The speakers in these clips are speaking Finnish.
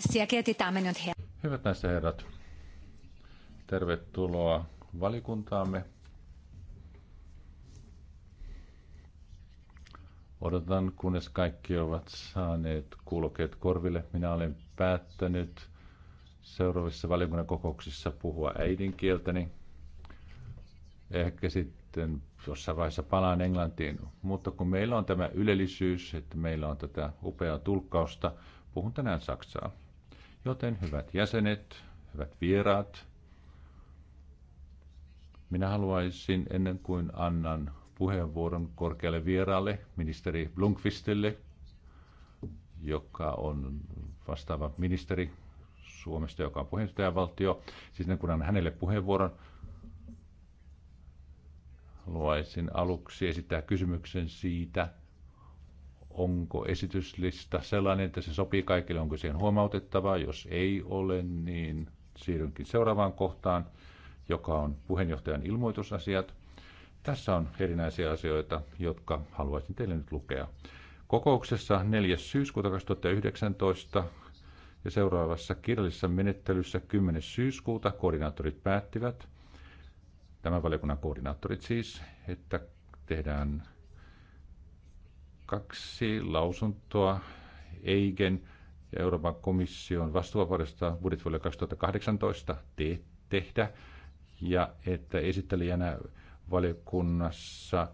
Sehr geehrte Damen und Herren. Hyvät naiset ja herrat, tervetuloa valikuntaamme. Odotan, kunnes kaikki ovat saaneet kuulokkeet korville. Minä olen päättänyt seuraavissa valiokunnan kokouksissa puhua äidinkieltäni. Ehkä sitten jossain vaiheessa palaan englantiin. Mutta kun meillä on tämä ylellisyys, että meillä on tätä upeaa tulkkausta, puhun tänään saksaa. Joten hyvät jäsenet, hyvät vieraat, minä haluaisin ennen kuin annan puheenvuoron korkealle vieraalle, ministeri Blunkvistille, joka on vastaava ministeri Suomesta, joka on puheenjohtajavaltio. Siis ennen kuin annan hänelle puheenvuoron, haluaisin aluksi esittää kysymyksen siitä, onko esityslista sellainen, että se sopii kaikille, onko siihen huomautettavaa, jos ei ole, niin siirrynkin seuraavaan kohtaan, joka on puheenjohtajan ilmoitusasiat. Tässä on erinäisiä asioita, jotka haluaisin teille nyt lukea. Kokouksessa 4. syyskuuta 2019 ja seuraavassa kirjallisessa menettelyssä 10. syyskuuta koordinaattorit päättivät, tämän valiokunnan koordinaattorit siis, että tehdään kaksi lausuntoa EIGEN ja Euroopan komission vastuuvapaudesta budjettivuodelle 2018 te- tehdä. Ja että esittelijänä valiokunnassa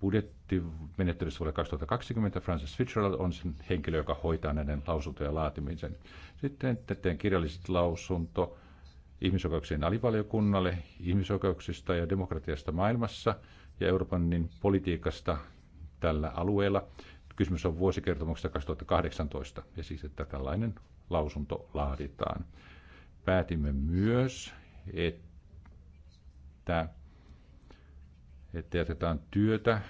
budjettimenettelyssä vuodelle 2020 Francis Fitzgerald on sen henkilö, joka hoitaa näiden lausuntojen laatimisen. Sitten teen kirjalliset lausunto ihmisoikeuksien alivaliokunnalle ihmisoikeuksista ja demokratiasta maailmassa ja Euroopan niin politiikasta tällä alueella. Kysymys on vuosikertomuksesta 2018 ja siis, että tällainen lausunto laaditaan. Päätimme myös, että, että jätetään työtä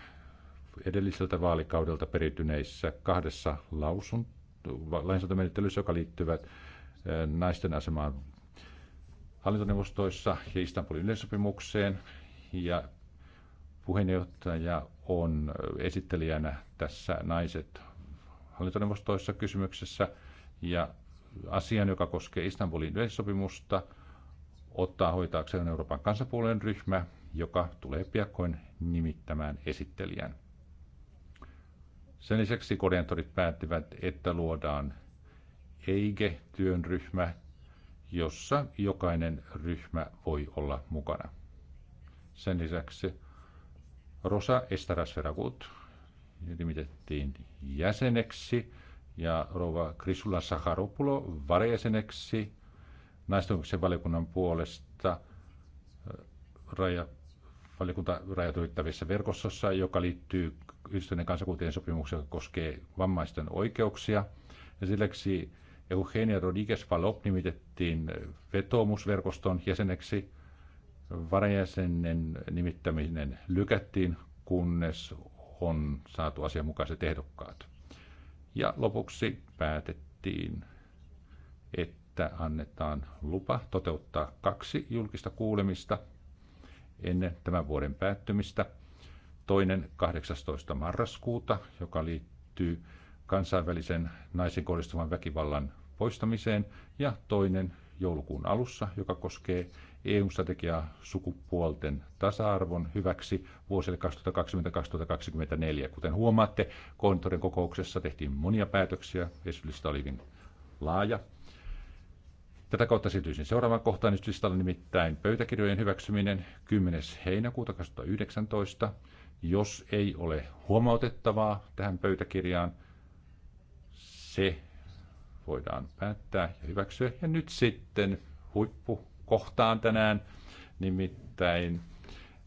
edelliseltä vaalikaudelta perityneissä kahdessa lausun, lainsäädäntömenettelyssä, joka liittyvät äh, naisten asemaan hallintoneuvostoissa ja Istanbulin yleissopimukseen. Ja Puheenjohtaja on esittelijänä tässä naiset hallintoneuvostoissa kysymyksessä ja asian, joka koskee Istanbulin yleissopimusta, ottaa hoitaakseen Euroopan kansapuolen ryhmä, joka tulee piakkoin nimittämään esittelijän. Sen lisäksi koordinaattorit päättivät, että luodaan EIGE-työnryhmä, jossa jokainen ryhmä voi olla mukana. Sen lisäksi Rosa Estarasferagut nimitettiin jäseneksi ja rouva Krisula Saharopulo varajäseneksi naisten valiokunnan puolesta äh, raja, valiokunta rajatuittavissa ylittävissä verkostossa, joka liittyy yhdistyneen kansakuntien sopimukseen, joka koskee vammaisten oikeuksia. Ja silleksi Eugenia Rodriguez Valop nimitettiin vetoomusverkoston jäseneksi – varajäsenen nimittäminen lykättiin, kunnes on saatu asianmukaiset ehdokkaat. Ja lopuksi päätettiin, että annetaan lupa toteuttaa kaksi julkista kuulemista ennen tämän vuoden päättymistä. Toinen 18. marraskuuta, joka liittyy kansainvälisen naisen kohdistuvan väkivallan poistamiseen, ja toinen joulukuun alussa, joka koskee eu strategiaa sukupuolten tasa-arvon hyväksi vuosille 2020-2024. Kuten huomaatte, koordinaattorin kokouksessa tehtiin monia päätöksiä, esityslista oli hyvin laaja. Tätä kautta siirtyisin seuraavaan kohtaan esityslistalla nimittäin pöytäkirjojen hyväksyminen 10. heinäkuuta 2019. Jos ei ole huomautettavaa tähän pöytäkirjaan, se voidaan päättää ja hyväksyä. Ja nyt sitten huippu kohtaan tänään, nimittäin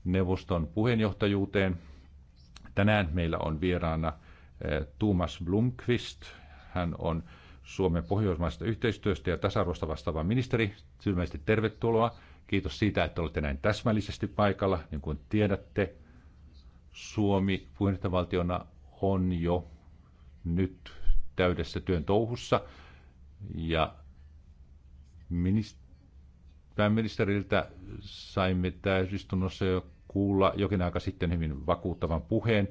neuvoston puheenjohtajuuteen. Tänään meillä on vieraana eh, Tuomas Blomqvist. Hän on Suomen pohjoismaista yhteistyöstä ja tasa-arvosta vastaava ministeri. Sylmäisesti tervetuloa. Kiitos siitä, että olette näin täsmällisesti paikalla. Niin kuin tiedätte, Suomi puheenjohtajavaltiona on jo nyt täydessä työn touhussa. Ja ministeri. Pääministeriltä saimme täysistunnossa jo kuulla jokin aika sitten hyvin vakuuttavan puheen.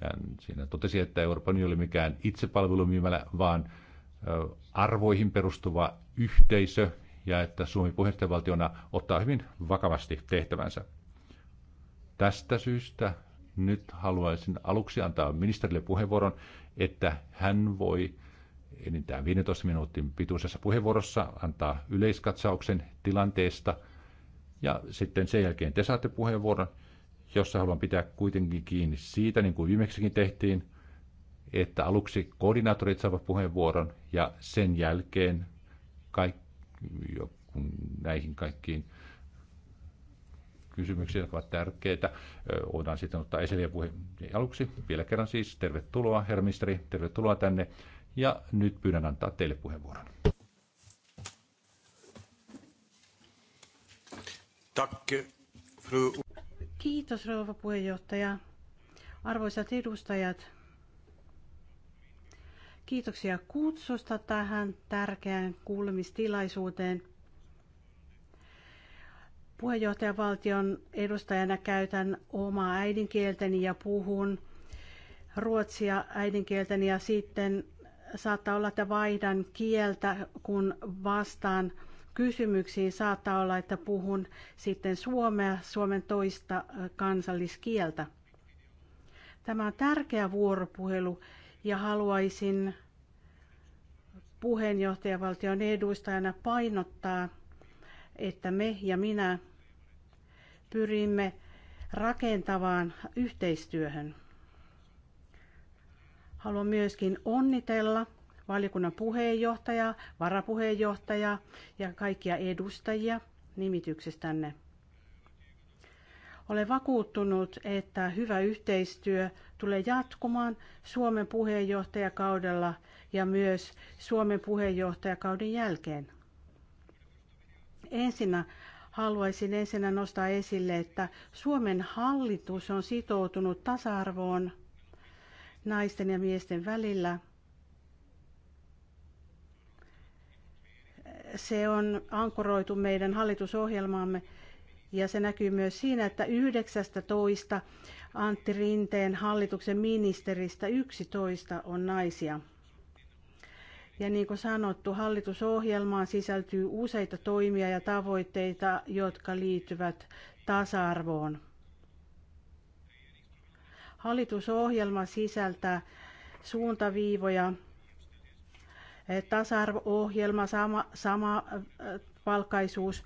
Ja siinä totesi, että Euroopan ei ole mikään itsepalvelumyymälä, vaan arvoihin perustuva yhteisö ja että Suomi puheenjohtajavaltiona ottaa hyvin vakavasti tehtävänsä. Tästä syystä nyt haluaisin aluksi antaa ministerille puheenvuoron, että hän voi enintään 15 minuutin pituisessa puheenvuorossa antaa yleiskatsauksen tilanteesta. Ja sitten sen jälkeen te saatte puheenvuoron, jossa haluan pitää kuitenkin kiinni siitä, niin kuin viimeksikin tehtiin, että aluksi koordinaattorit saavat puheenvuoron ja sen jälkeen kaik, näihin kaikkiin kysymyksiin, jotka ovat tärkeitä. Voidaan sitten ottaa esille puhe aluksi. Vielä kerran siis tervetuloa, herra ministeri, tervetuloa tänne. Ja nyt pyydän antaa teille puheenvuoron. Kiitos rouva puheenjohtaja. Arvoisat edustajat, kiitoksia kutsusta tähän tärkeään kuulemistilaisuuteen. Puheenjohtajavaltion edustajana käytän omaa äidinkieltäni ja puhun ruotsia äidinkieltäni ja sitten saattaa olla, että vaihdan kieltä, kun vastaan kysymyksiin. Saattaa olla, että puhun sitten suomea, suomen toista kansalliskieltä. Tämä on tärkeä vuoropuhelu ja haluaisin puheenjohtajavaltion edustajana painottaa, että me ja minä pyrimme rakentavaan yhteistyöhön. Haluan myöskin onnitella valiokunnan puheenjohtajaa, varapuheenjohtajaa ja kaikkia edustajia nimityksestänne. Olen vakuuttunut, että hyvä yhteistyö tulee jatkumaan Suomen puheenjohtajakaudella ja myös Suomen puheenjohtajakauden jälkeen. Ensinnä haluaisin ensinnä nostaa esille, että Suomen hallitus on sitoutunut tasa-arvoon naisten ja miesten välillä. Se on ankoroitu meidän hallitusohjelmaamme ja se näkyy myös siinä, että 19 Antti Rinteen hallituksen ministeristä 11 on naisia. Ja niin kuin sanottu, hallitusohjelmaan sisältyy useita toimia ja tavoitteita, jotka liittyvät tasa-arvoon. Hallitusohjelma sisältää suuntaviivoja, tasa-arvo-ohjelma, sama, sama palkkaisuus,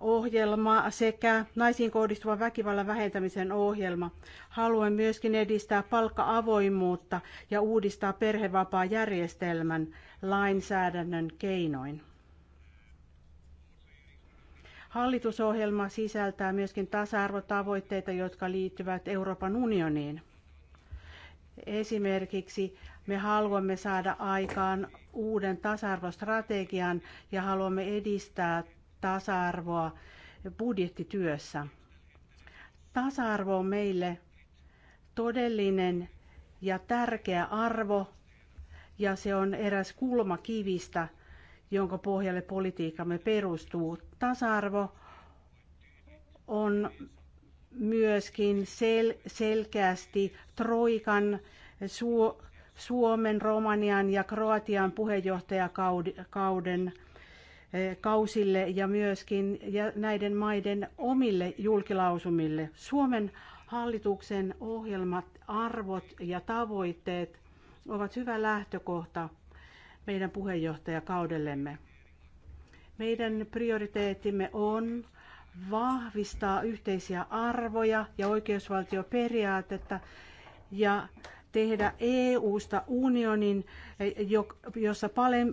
ohjelma sekä naisiin kohdistuvan väkivallan vähentämisen ohjelma. Haluan myöskin edistää palkka-avoimuutta ja uudistaa perhevapaajärjestelmän lainsäädännön keinoin. Hallitusohjelma sisältää myöskin tasa-arvotavoitteita, jotka liittyvät Euroopan unioniin. Esimerkiksi me haluamme saada aikaan uuden tasa-arvostrategian ja haluamme edistää tasa-arvoa budjettityössä. Tasa-arvo on meille todellinen ja tärkeä arvo ja se on eräs kulmakivistä, jonka pohjalle politiikkamme perustuu. Tasa-arvo on myöskin sel- selkeästi Troikan Su- Suomen, Romanian ja Kroatian puheenjohtajakauden eh, kausille ja myöskin näiden maiden omille julkilausumille. Suomen hallituksen ohjelmat, arvot ja tavoitteet ovat hyvä lähtökohta meidän puheenjohtajakaudellemme. Meidän prioriteettimme on vahvistaa yhteisiä arvoja ja oikeusvaltioperiaatetta ja tehdä EU-sta unionin, jossa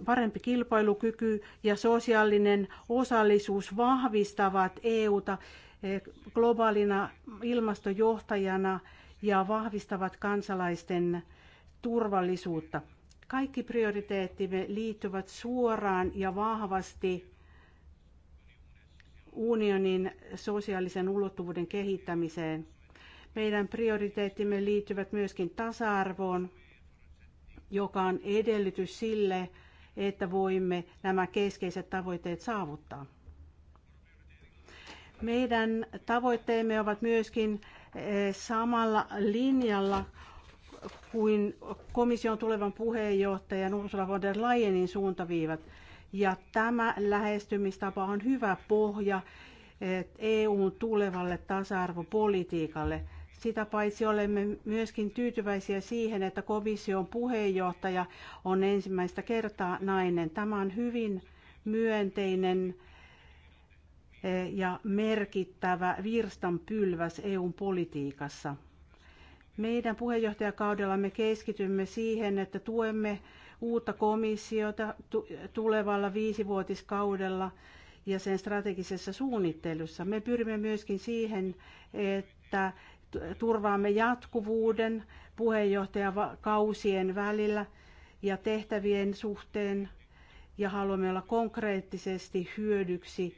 parempi kilpailukyky ja sosiaalinen osallisuus vahvistavat EUta e, globaalina ilmastojohtajana ja vahvistavat kansalaisten turvallisuutta. Kaikki prioriteettimme liittyvät suoraan ja vahvasti unionin sosiaalisen ulottuvuuden kehittämiseen. Meidän prioriteettimme liittyvät myöskin tasa-arvoon, joka on edellytys sille, että voimme nämä keskeiset tavoitteet saavuttaa. Meidän tavoitteemme ovat myöskin eh, samalla linjalla kuin komission tulevan puheenjohtajan Ursula von der Leyenin suuntaviivat – ja tämä lähestymistapa on hyvä pohja EUn tulevalle tasa-arvopolitiikalle. Sitä paitsi olemme myöskin tyytyväisiä siihen, että komission puheenjohtaja on ensimmäistä kertaa nainen. Tämä on hyvin myönteinen e, ja merkittävä virstanpylväs EUn politiikassa. Meidän puheenjohtajakaudellamme keskitymme siihen, että tuemme uutta komissiota tulevalla viisivuotiskaudella ja sen strategisessa suunnittelussa. Me pyrimme myöskin siihen, että turvaamme jatkuvuuden puheenjohtajakausien välillä ja tehtävien suhteen ja haluamme olla konkreettisesti hyödyksi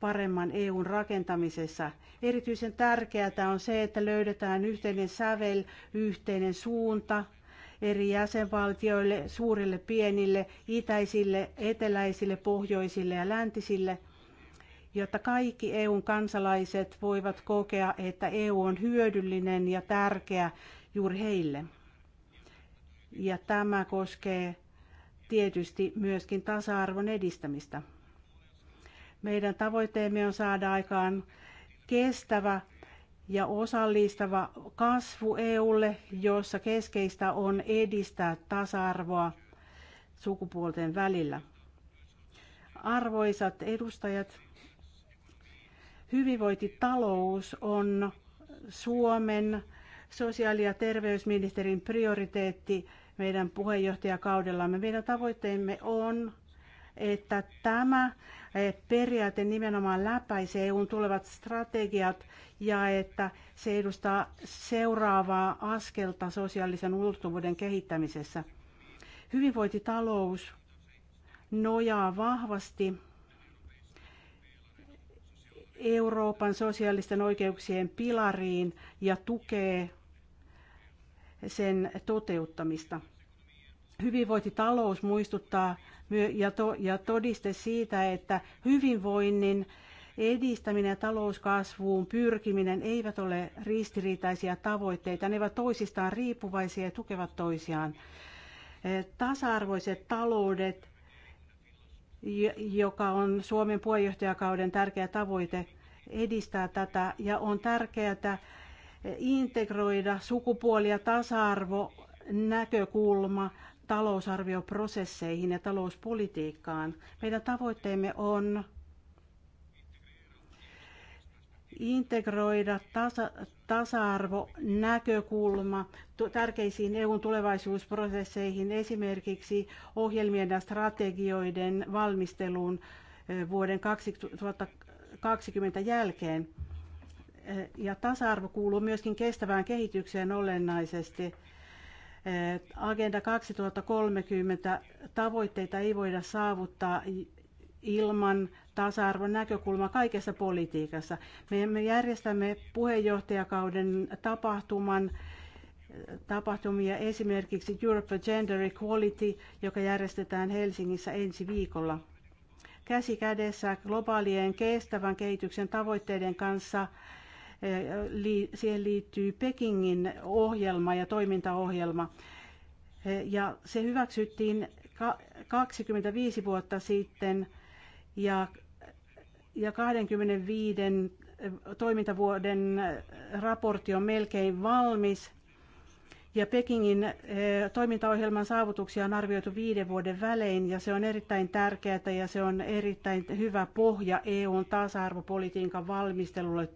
paremman EUn rakentamisessa. Erityisen tärkeää on se, että löydetään yhteinen sävel, yhteinen suunta – eri jäsenvaltioille, suurille, pienille, itäisille, eteläisille, pohjoisille ja läntisille, jotta kaikki EUn kansalaiset voivat kokea, että EU on hyödyllinen ja tärkeä juuri heille. Ja tämä koskee tietysti myöskin tasa-arvon edistämistä. Meidän tavoitteemme on saada aikaan kestävä ja osallistava kasvu EUlle, jossa keskeistä on edistää tasa-arvoa sukupuolten välillä. Arvoisat edustajat, hyvinvointitalous on Suomen sosiaali- ja terveysministerin prioriteetti meidän puheenjohtajakaudellamme. Meidän tavoitteemme on, että tämä periaate nimenomaan läpäisee EUn tulevat strategiat ja että se edustaa seuraavaa askelta sosiaalisen ulottuvuuden kehittämisessä. Hyvinvointitalous nojaa vahvasti Euroopan sosiaalisten oikeuksien pilariin ja tukee sen toteuttamista. Hyvinvointitalous muistuttaa ja, ja todiste siitä, että hyvinvoinnin edistäminen ja talouskasvuun pyrkiminen eivät ole ristiriitaisia tavoitteita. Ne ovat toisistaan riippuvaisia ja tukevat toisiaan. Eh, tasa-arvoiset taloudet, joka on Suomen puheenjohtajakauden tärkeä tavoite, edistää tätä ja on tärkeää eh, integroida sukupuoli- ja tasa-arvo näkökulma talousarvioprosesseihin ja talouspolitiikkaan. Meidän tavoitteemme on integroida tasa, tasa-arvonäkökulma tärkeisiin EUn tulevaisuusprosesseihin, esimerkiksi ohjelmien ja strategioiden valmisteluun vuoden 2020 jälkeen. Ja tasa-arvo kuuluu myöskin kestävään kehitykseen olennaisesti. Agenda 2030 tavoitteita ei voida saavuttaa ilman tasa-arvon näkökulma kaikessa politiikassa. Me järjestämme puheenjohtajakauden tapahtuman äh, tapahtumia esimerkiksi Europe for Gender Equality, joka järjestetään Helsingissä ensi viikolla. Käsi kädessä globaalien kestävän kehityksen tavoitteiden kanssa äh, siihen liittyy Pekingin ohjelma ja toimintaohjelma. Äh, ja se hyväksyttiin 25 vuotta sitten – ja, ja 25 eh, toimintavuoden eh, raportti on melkein valmis. Ja Pekingin eh, toimintaohjelman saavutuksia on arvioitu viiden vuoden välein ja se on erittäin tärkeää ja se on erittäin hyvä pohja EUn tasa-arvopolitiikan valmistelulle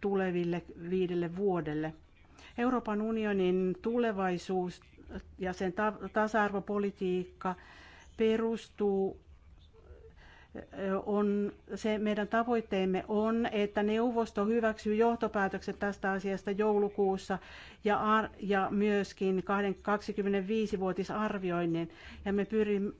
tuleville viidelle vuodelle. Euroopan unionin tulevaisuus ja sen tasa-arvopolitiikka perustuu on, se meidän tavoitteemme on, että neuvosto hyväksyy johtopäätökset tästä asiasta joulukuussa ja, ar, ja myöskin 25-vuotisarvioinnin. Ja me pyrimme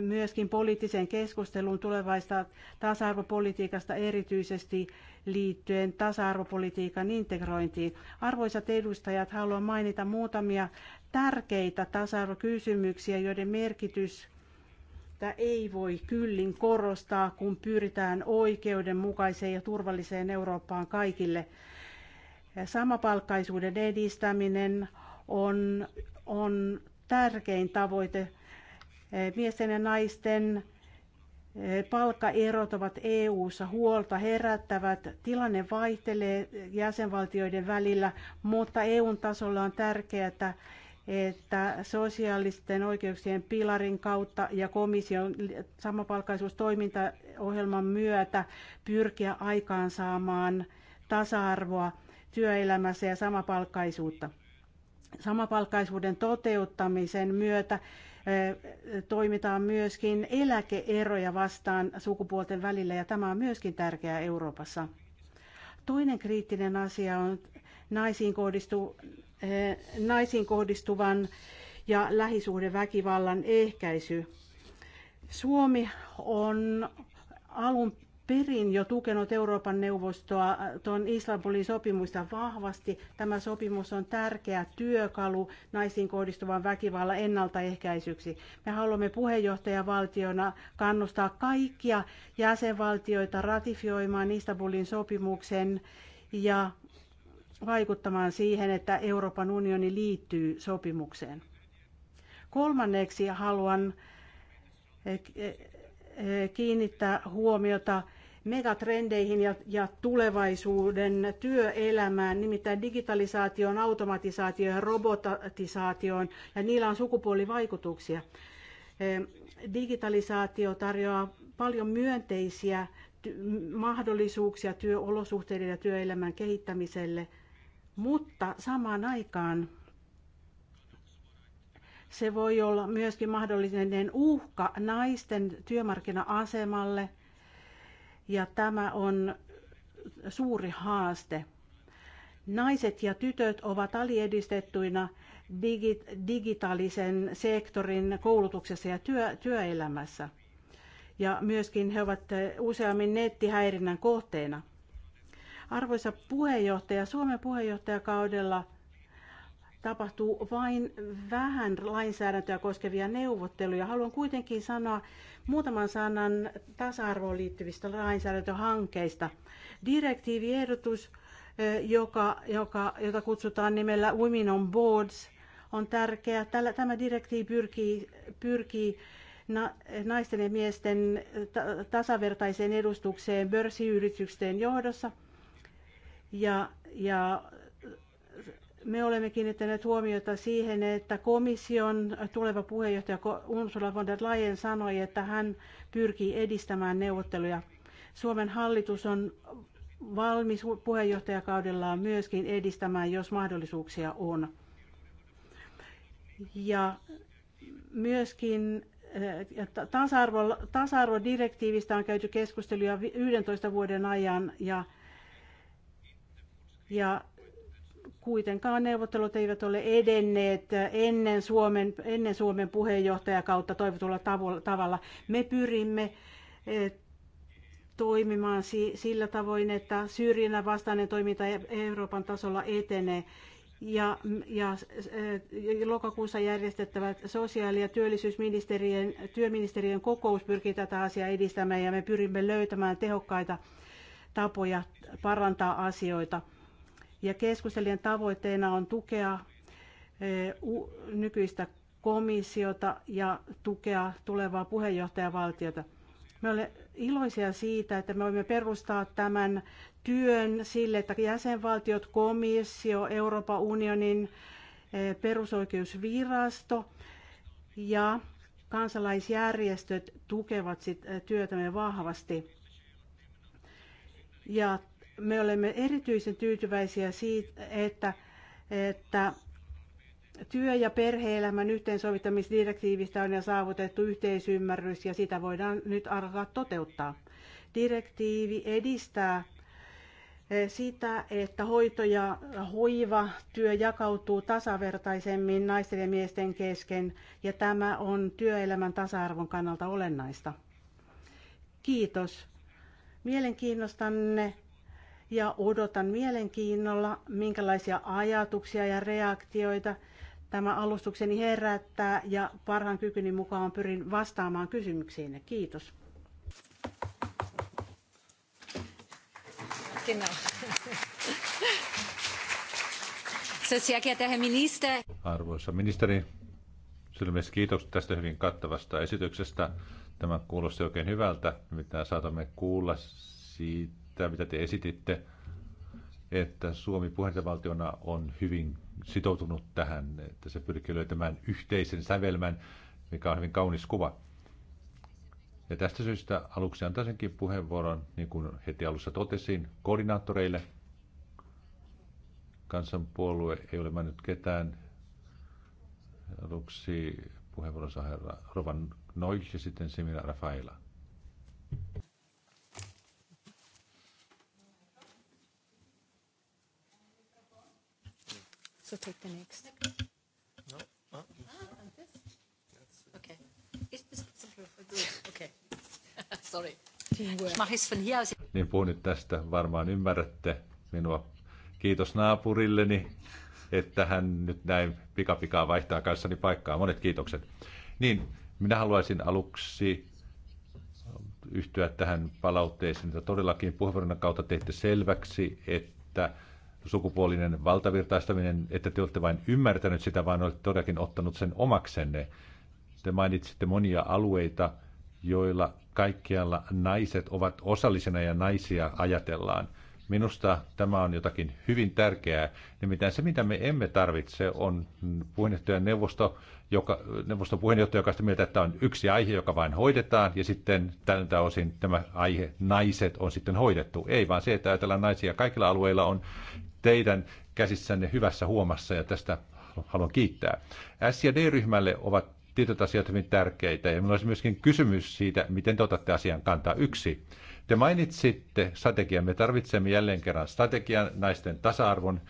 myöskin poliittiseen keskusteluun tulevaista tasa-arvopolitiikasta erityisesti liittyen tasa-arvopolitiikan integrointiin. Arvoisat edustajat, haluan mainita muutamia tärkeitä tasa-arvokysymyksiä, joiden merkitys – että ei voi kyllin korostaa, kun pyritään oikeudenmukaiseen ja turvalliseen Eurooppaan kaikille. Samapalkkaisuuden edistäminen on, on tärkein tavoite. Miesten ja naisten eh, palkkaerot ovat EU-ssa huolta herättävät. Tilanne vaihtelee jäsenvaltioiden välillä, mutta eu tasolla on tärkeää, että sosiaalisten oikeuksien pilarin kautta ja komission samapalkkaisuustoimintaohjelman myötä pyrkiä aikaansaamaan tasa-arvoa työelämässä ja samapalkkaisuutta. Samapalkkaisuuden toteuttamisen myötä eh, toimitaan myöskin eläkeeroja vastaan sukupuolten välillä ja tämä on myöskin tärkeää Euroopassa. Toinen kriittinen asia on naisiin kohdistu, Eh, naisiin kohdistuvan ja lähisuhdeväkivallan ehkäisy. Suomi on alun perin jo tukenut Euroopan neuvostoa eh, tuon Istanbulin sopimusta vahvasti. Tämä sopimus on tärkeä työkalu naisiin kohdistuvan väkivallan ennaltaehkäisyksi. Me haluamme puheenjohtajavaltiona kannustaa kaikkia jäsenvaltioita ratifioimaan Istanbulin sopimuksen ja vaikuttamaan siihen, että Euroopan unioni liittyy sopimukseen. Kolmanneksi haluan eh, eh, kiinnittää huomiota megatrendeihin ja, tulevaisuuden työelämään, nimittäin digitalisaatioon, automatisaatioon ja robotisaatioon, ja niillä on sukupuolivaikutuksia. Eh, digitalisaatio tarjoaa paljon myönteisiä mahdollisuuksia työolosuhteiden ja työelämän kehittämiselle – mutta samaan aikaan se voi olla myöskin mahdollinen uhka naisten työmarkkina-asemalle ja tämä on suuri haaste. Naiset ja tytöt ovat aliedistettuina digi- digitaalisen sektorin koulutuksessa ja työ- työelämässä. Ja myöskin he ovat useammin nettihäirinnän kohteena. Arvoisa puheenjohtaja, Suomen puheenjohtajakaudella tapahtuu vain vähän lainsäädäntöä koskevia neuvotteluja. Haluan kuitenkin sanoa muutaman sanan tasa-arvoon liittyvistä lainsäädäntöhankkeista. Direktiiviehdotus, eh, joka, joka, jota kutsutaan nimellä Women on Boards, on tärkeä. Tällä, tämä direktiivi pyrkii, pyrkii na, naisten ja miesten ta, tasavertaiseen edustukseen pörssiyritysten johdossa – ja, ja me olemme kiinnittäneet huomiota siihen, että komission tuleva puheenjohtaja Ursula von der Leyen sanoi, että hän pyrkii edistämään neuvotteluja. Suomen hallitus on valmis puheenjohtajakaudellaan myöskin edistämään, jos mahdollisuuksia on. Ja myöskin eh, tasa-arvo, tasa-arvodirektiivistä on käyty keskusteluja 11 vuoden ajan ja ja kuitenkaan neuvottelut eivät ole edenneet ennen Suomen, ennen Suomen puheenjohtajakautta toivotulla tavalla. Me pyrimme eh, toimimaan sillä tavoin, että syrjinnän vastainen toiminta e-, Euroopan tasolla etenee. Ja, ja eh, lokakuussa järjestettävät sosiaali- ja työllisyysministeriön työministerien kokous pyrkii tätä asiaa edistämään ja me pyrimme löytämään tehokkaita tapoja parantaa asioita. Ja keskustelijan tavoitteena on tukea eh, nykyistä komissiota ja tukea tulevaa puheenjohtajavaltiota. Me olemme iloisia siitä, että me voimme perustaa tämän työn sille, että jäsenvaltiot, komissio, Euroopan unionin eh, perusoikeusvirasto ja kansalaisjärjestöt tukevat eh, työtämme vahvasti. Ja me olemme erityisen tyytyväisiä siitä, että, että työ- ja perhe-elämän yhteensovittamisdirektiivistä on jo saavutettu yhteisymmärrys ja sitä voidaan nyt alkaa toteuttaa. Direktiivi edistää eh, sitä, että hoito ja hoiva työ jakautuu tasavertaisemmin naisten ja miesten kesken ja tämä on työelämän tasa-arvon kannalta olennaista. Kiitos mielenkiinnostanne ja odotan mielenkiinnolla, minkälaisia ajatuksia ja reaktioita tämä alustukseni herättää ja parhaan kykyni mukaan pyrin vastaamaan kysymyksiin. Kiitos. Genau. Arvoisa ministeri, sydämessä kiitokset tästä hyvin kattavasta esityksestä. Tämä kuulosti oikein hyvältä, mitä saatamme kuulla siitä sitä, mitä te esititte, että Suomi puheenjohtajavaltiona on hyvin sitoutunut tähän, että se pyrkii löytämään yhteisen sävelmän, mikä on hyvin kaunis kuva. Ja tästä syystä aluksi antaisinkin puheenvuoron, niin kuin heti alussa totesin, koordinaattoreille. Kansanpuolue ei ole mennyt ketään. Aluksi puheenvuoron saa herra Rovan Noich ja sitten Semina Rafaela. So take the next. No. Uh, ah, this. Okay. Is this good? Okay. Sorry. Ich mache es von hier aus. Niin puhun nyt tästä, varmaan ymmärrätte minua. Kiitos naapurilleni, että hän nyt näin pikapikaa vaihtaa kanssani paikkaa. Monet kiitokset. Niin, minä haluaisin aluksi yhtyä tähän palautteeseen, että todellakin puheenvuoron kautta teitte selväksi, että sukupuolinen valtavirtaistaminen, että te olette vain ymmärtänyt sitä, vaan olette todellakin ottanut sen omaksenne. Te mainitsitte monia alueita, joilla kaikkialla naiset ovat osallisena ja naisia ajatellaan. Minusta tämä on jotakin hyvin tärkeää. Nimittäin se, mitä me emme tarvitse, on puheenjohtajan neuvosto, joka, neuvoston puheenjohtaja, joka sitä mieltä, että on yksi aihe, joka vain hoidetaan, ja sitten tältä osin tämä aihe naiset on sitten hoidettu. Ei vaan se, että ajatellaan naisia kaikilla alueilla on teidän käsissänne hyvässä huomassa, ja tästä haluan kiittää. S- ja D-ryhmälle ovat tietyt asiat hyvin tärkeitä, ja minulla olisi myöskin kysymys siitä, miten te otatte asian kantaa. Yksi, te mainitsitte strategian. Me tarvitsemme jälleen kerran strategian naisten tasa-arvon,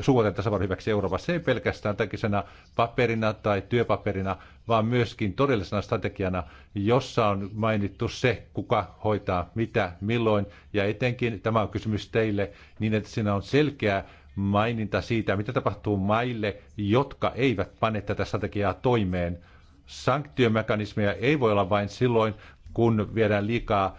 sukupuolten tasa-arvon hyväksi Euroopassa. ei pelkästään takisena paperina tai työpaperina, vaan myöskin todellisena strategiana, jossa on mainittu se, kuka hoitaa mitä, milloin. Ja etenkin tämä on kysymys teille, niin että siinä on selkeä maininta siitä, mitä tapahtuu maille, jotka eivät pane tätä strategiaa toimeen. Sanktiomekanismeja ei voi olla vain silloin, kun viedään liikaa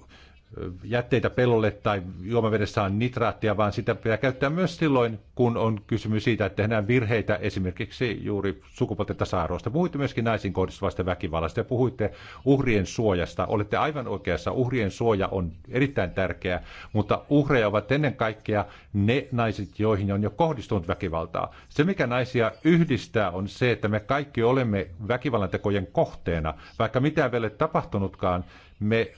jätteitä pellolle tai juomavedessä on nitraattia, vaan sitä pitää käyttää myös silloin, kun on kysymys siitä, että tehdään virheitä esimerkiksi juuri sukupuolten tasa arvoista Puhuitte myöskin naisiin kohdistuvasta väkivallasta ja puhuitte uhrien suojasta. Olette aivan oikeassa, uhrien suoja on erittäin tärkeä, mutta uhreja ovat ennen kaikkea ne naiset, joihin on jo kohdistunut väkivaltaa. Se, mikä naisia yhdistää, on se, että me kaikki olemme väkivallantekojen kohteena. Vaikka mitään vielä tapahtunutkaan, me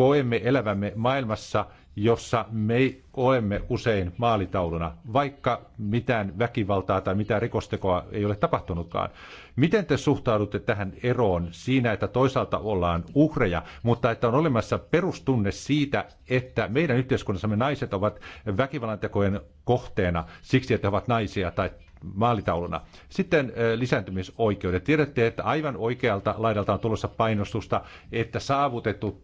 koemme elävämme maailmassa, jossa me olemme usein maalitauluna, vaikka mitään väkivaltaa tai mitään rikostekoa ei ole tapahtunutkaan. Miten te suhtaudutte tähän eroon siinä, että toisaalta ollaan uhreja, mutta että on olemassa perustunne siitä, että meidän yhteiskunnassamme naiset ovat väkivallantekojen kohteena siksi, että he ovat naisia tai maalitauluna. Sitten lisääntymisoikeudet. Tiedätte, että aivan oikealta laidalta on tulossa painostusta, että saavutetut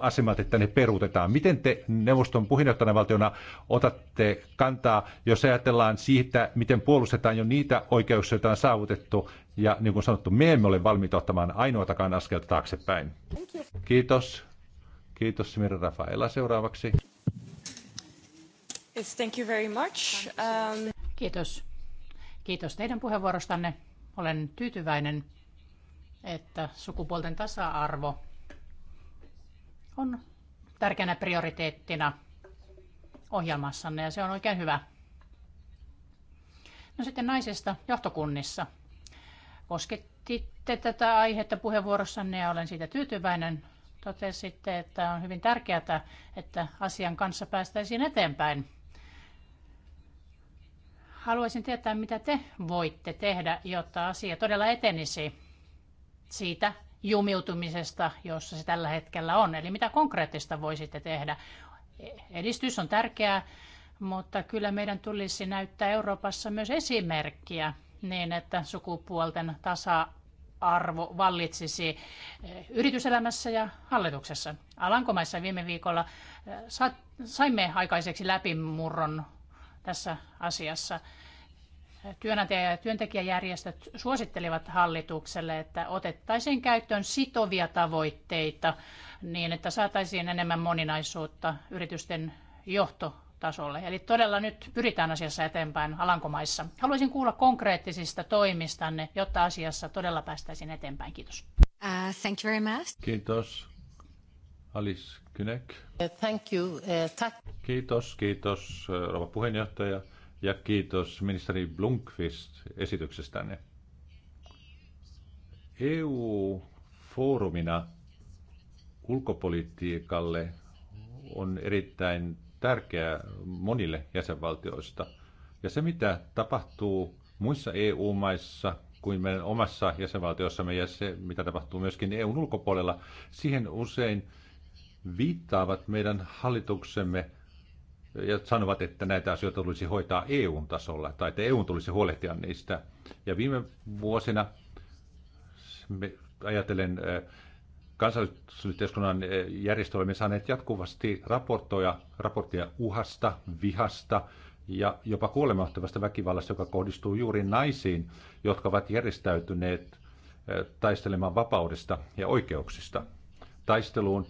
asemat, että ne peruutetaan. Miten te neuvoston puheenjohtajana valtiona otatte kantaa, jos ajatellaan siitä, miten puolustetaan jo niitä oikeuksia, joita on saavutettu, ja niin kuin sanottu, me emme ole valmiita ottamaan ainoatakaan askelta taaksepäin. Kiitos. Kiitos Simira Rafaela seuraavaksi. Yes, thank you very much. Um... Kiitos. Kiitos teidän puheenvuorostanne. Olen tyytyväinen, että sukupuolten tasa-arvo on tärkeänä prioriteettina ohjelmassanne ja se on oikein hyvä. No sitten naisista johtokunnissa. Koskettitte tätä aihetta puheenvuorossanne ja olen siitä tyytyväinen. Totesitte, että on hyvin tärkeää, että asian kanssa päästäisiin eteenpäin. Haluaisin tietää, mitä te voitte tehdä, jotta asia todella etenisi siitä jumiutumisesta, jossa se tällä hetkellä on. Eli mitä konkreettista voisitte tehdä? Edistys on tärkeää, mutta kyllä meidän tulisi näyttää Euroopassa myös esimerkkiä niin, että sukupuolten tasa-arvo vallitsisi eh, yrityselämässä ja hallituksessa. Alankomaissa viime viikolla eh, saimme aikaiseksi läpimurron tässä asiassa työnantaja- ja työntekijäjärjestöt suosittelivat hallitukselle, että otettaisiin käyttöön sitovia tavoitteita niin, että saataisiin enemmän moninaisuutta yritysten johtotasolle. Eli todella nyt pyritään asiassa eteenpäin Alankomaissa. Haluaisin kuulla konkreettisista toimistanne, jotta asiassa todella päästäisiin eteenpäin. Kiitos. Uh, thank you very much. Kiitos. Alice Kynek. Thank you. Uh, Tack. Kiitos, kiitos rouva puheenjohtaja ja kiitos ministeri Blomqvist esityksestänne. EU-foorumina ulkopolitiikalle on erittäin tärkeää monille jäsenvaltioista. Ja se, mitä tapahtuu muissa EU-maissa kuin meidän omassa jäsenvaltiossamme ja se, mitä tapahtuu myöskin EUn ulkopuolella, siihen usein viittaavat meidän hallituksemme – ja sanovat, että näitä asioita tulisi hoitaa EU-tasolla tai että EU tulisi huolehtia niistä. Ja viime vuosina me ajatellen kansallisyhteiskunnan järjestöille me saaneet jatkuvasti raportoja, raportteja uhasta, vihasta ja jopa kuolemahtavasta väkivallasta, joka kohdistuu juuri naisiin, jotka ovat järjestäytyneet taistelemaan vapaudesta ja oikeuksista. Taisteluun,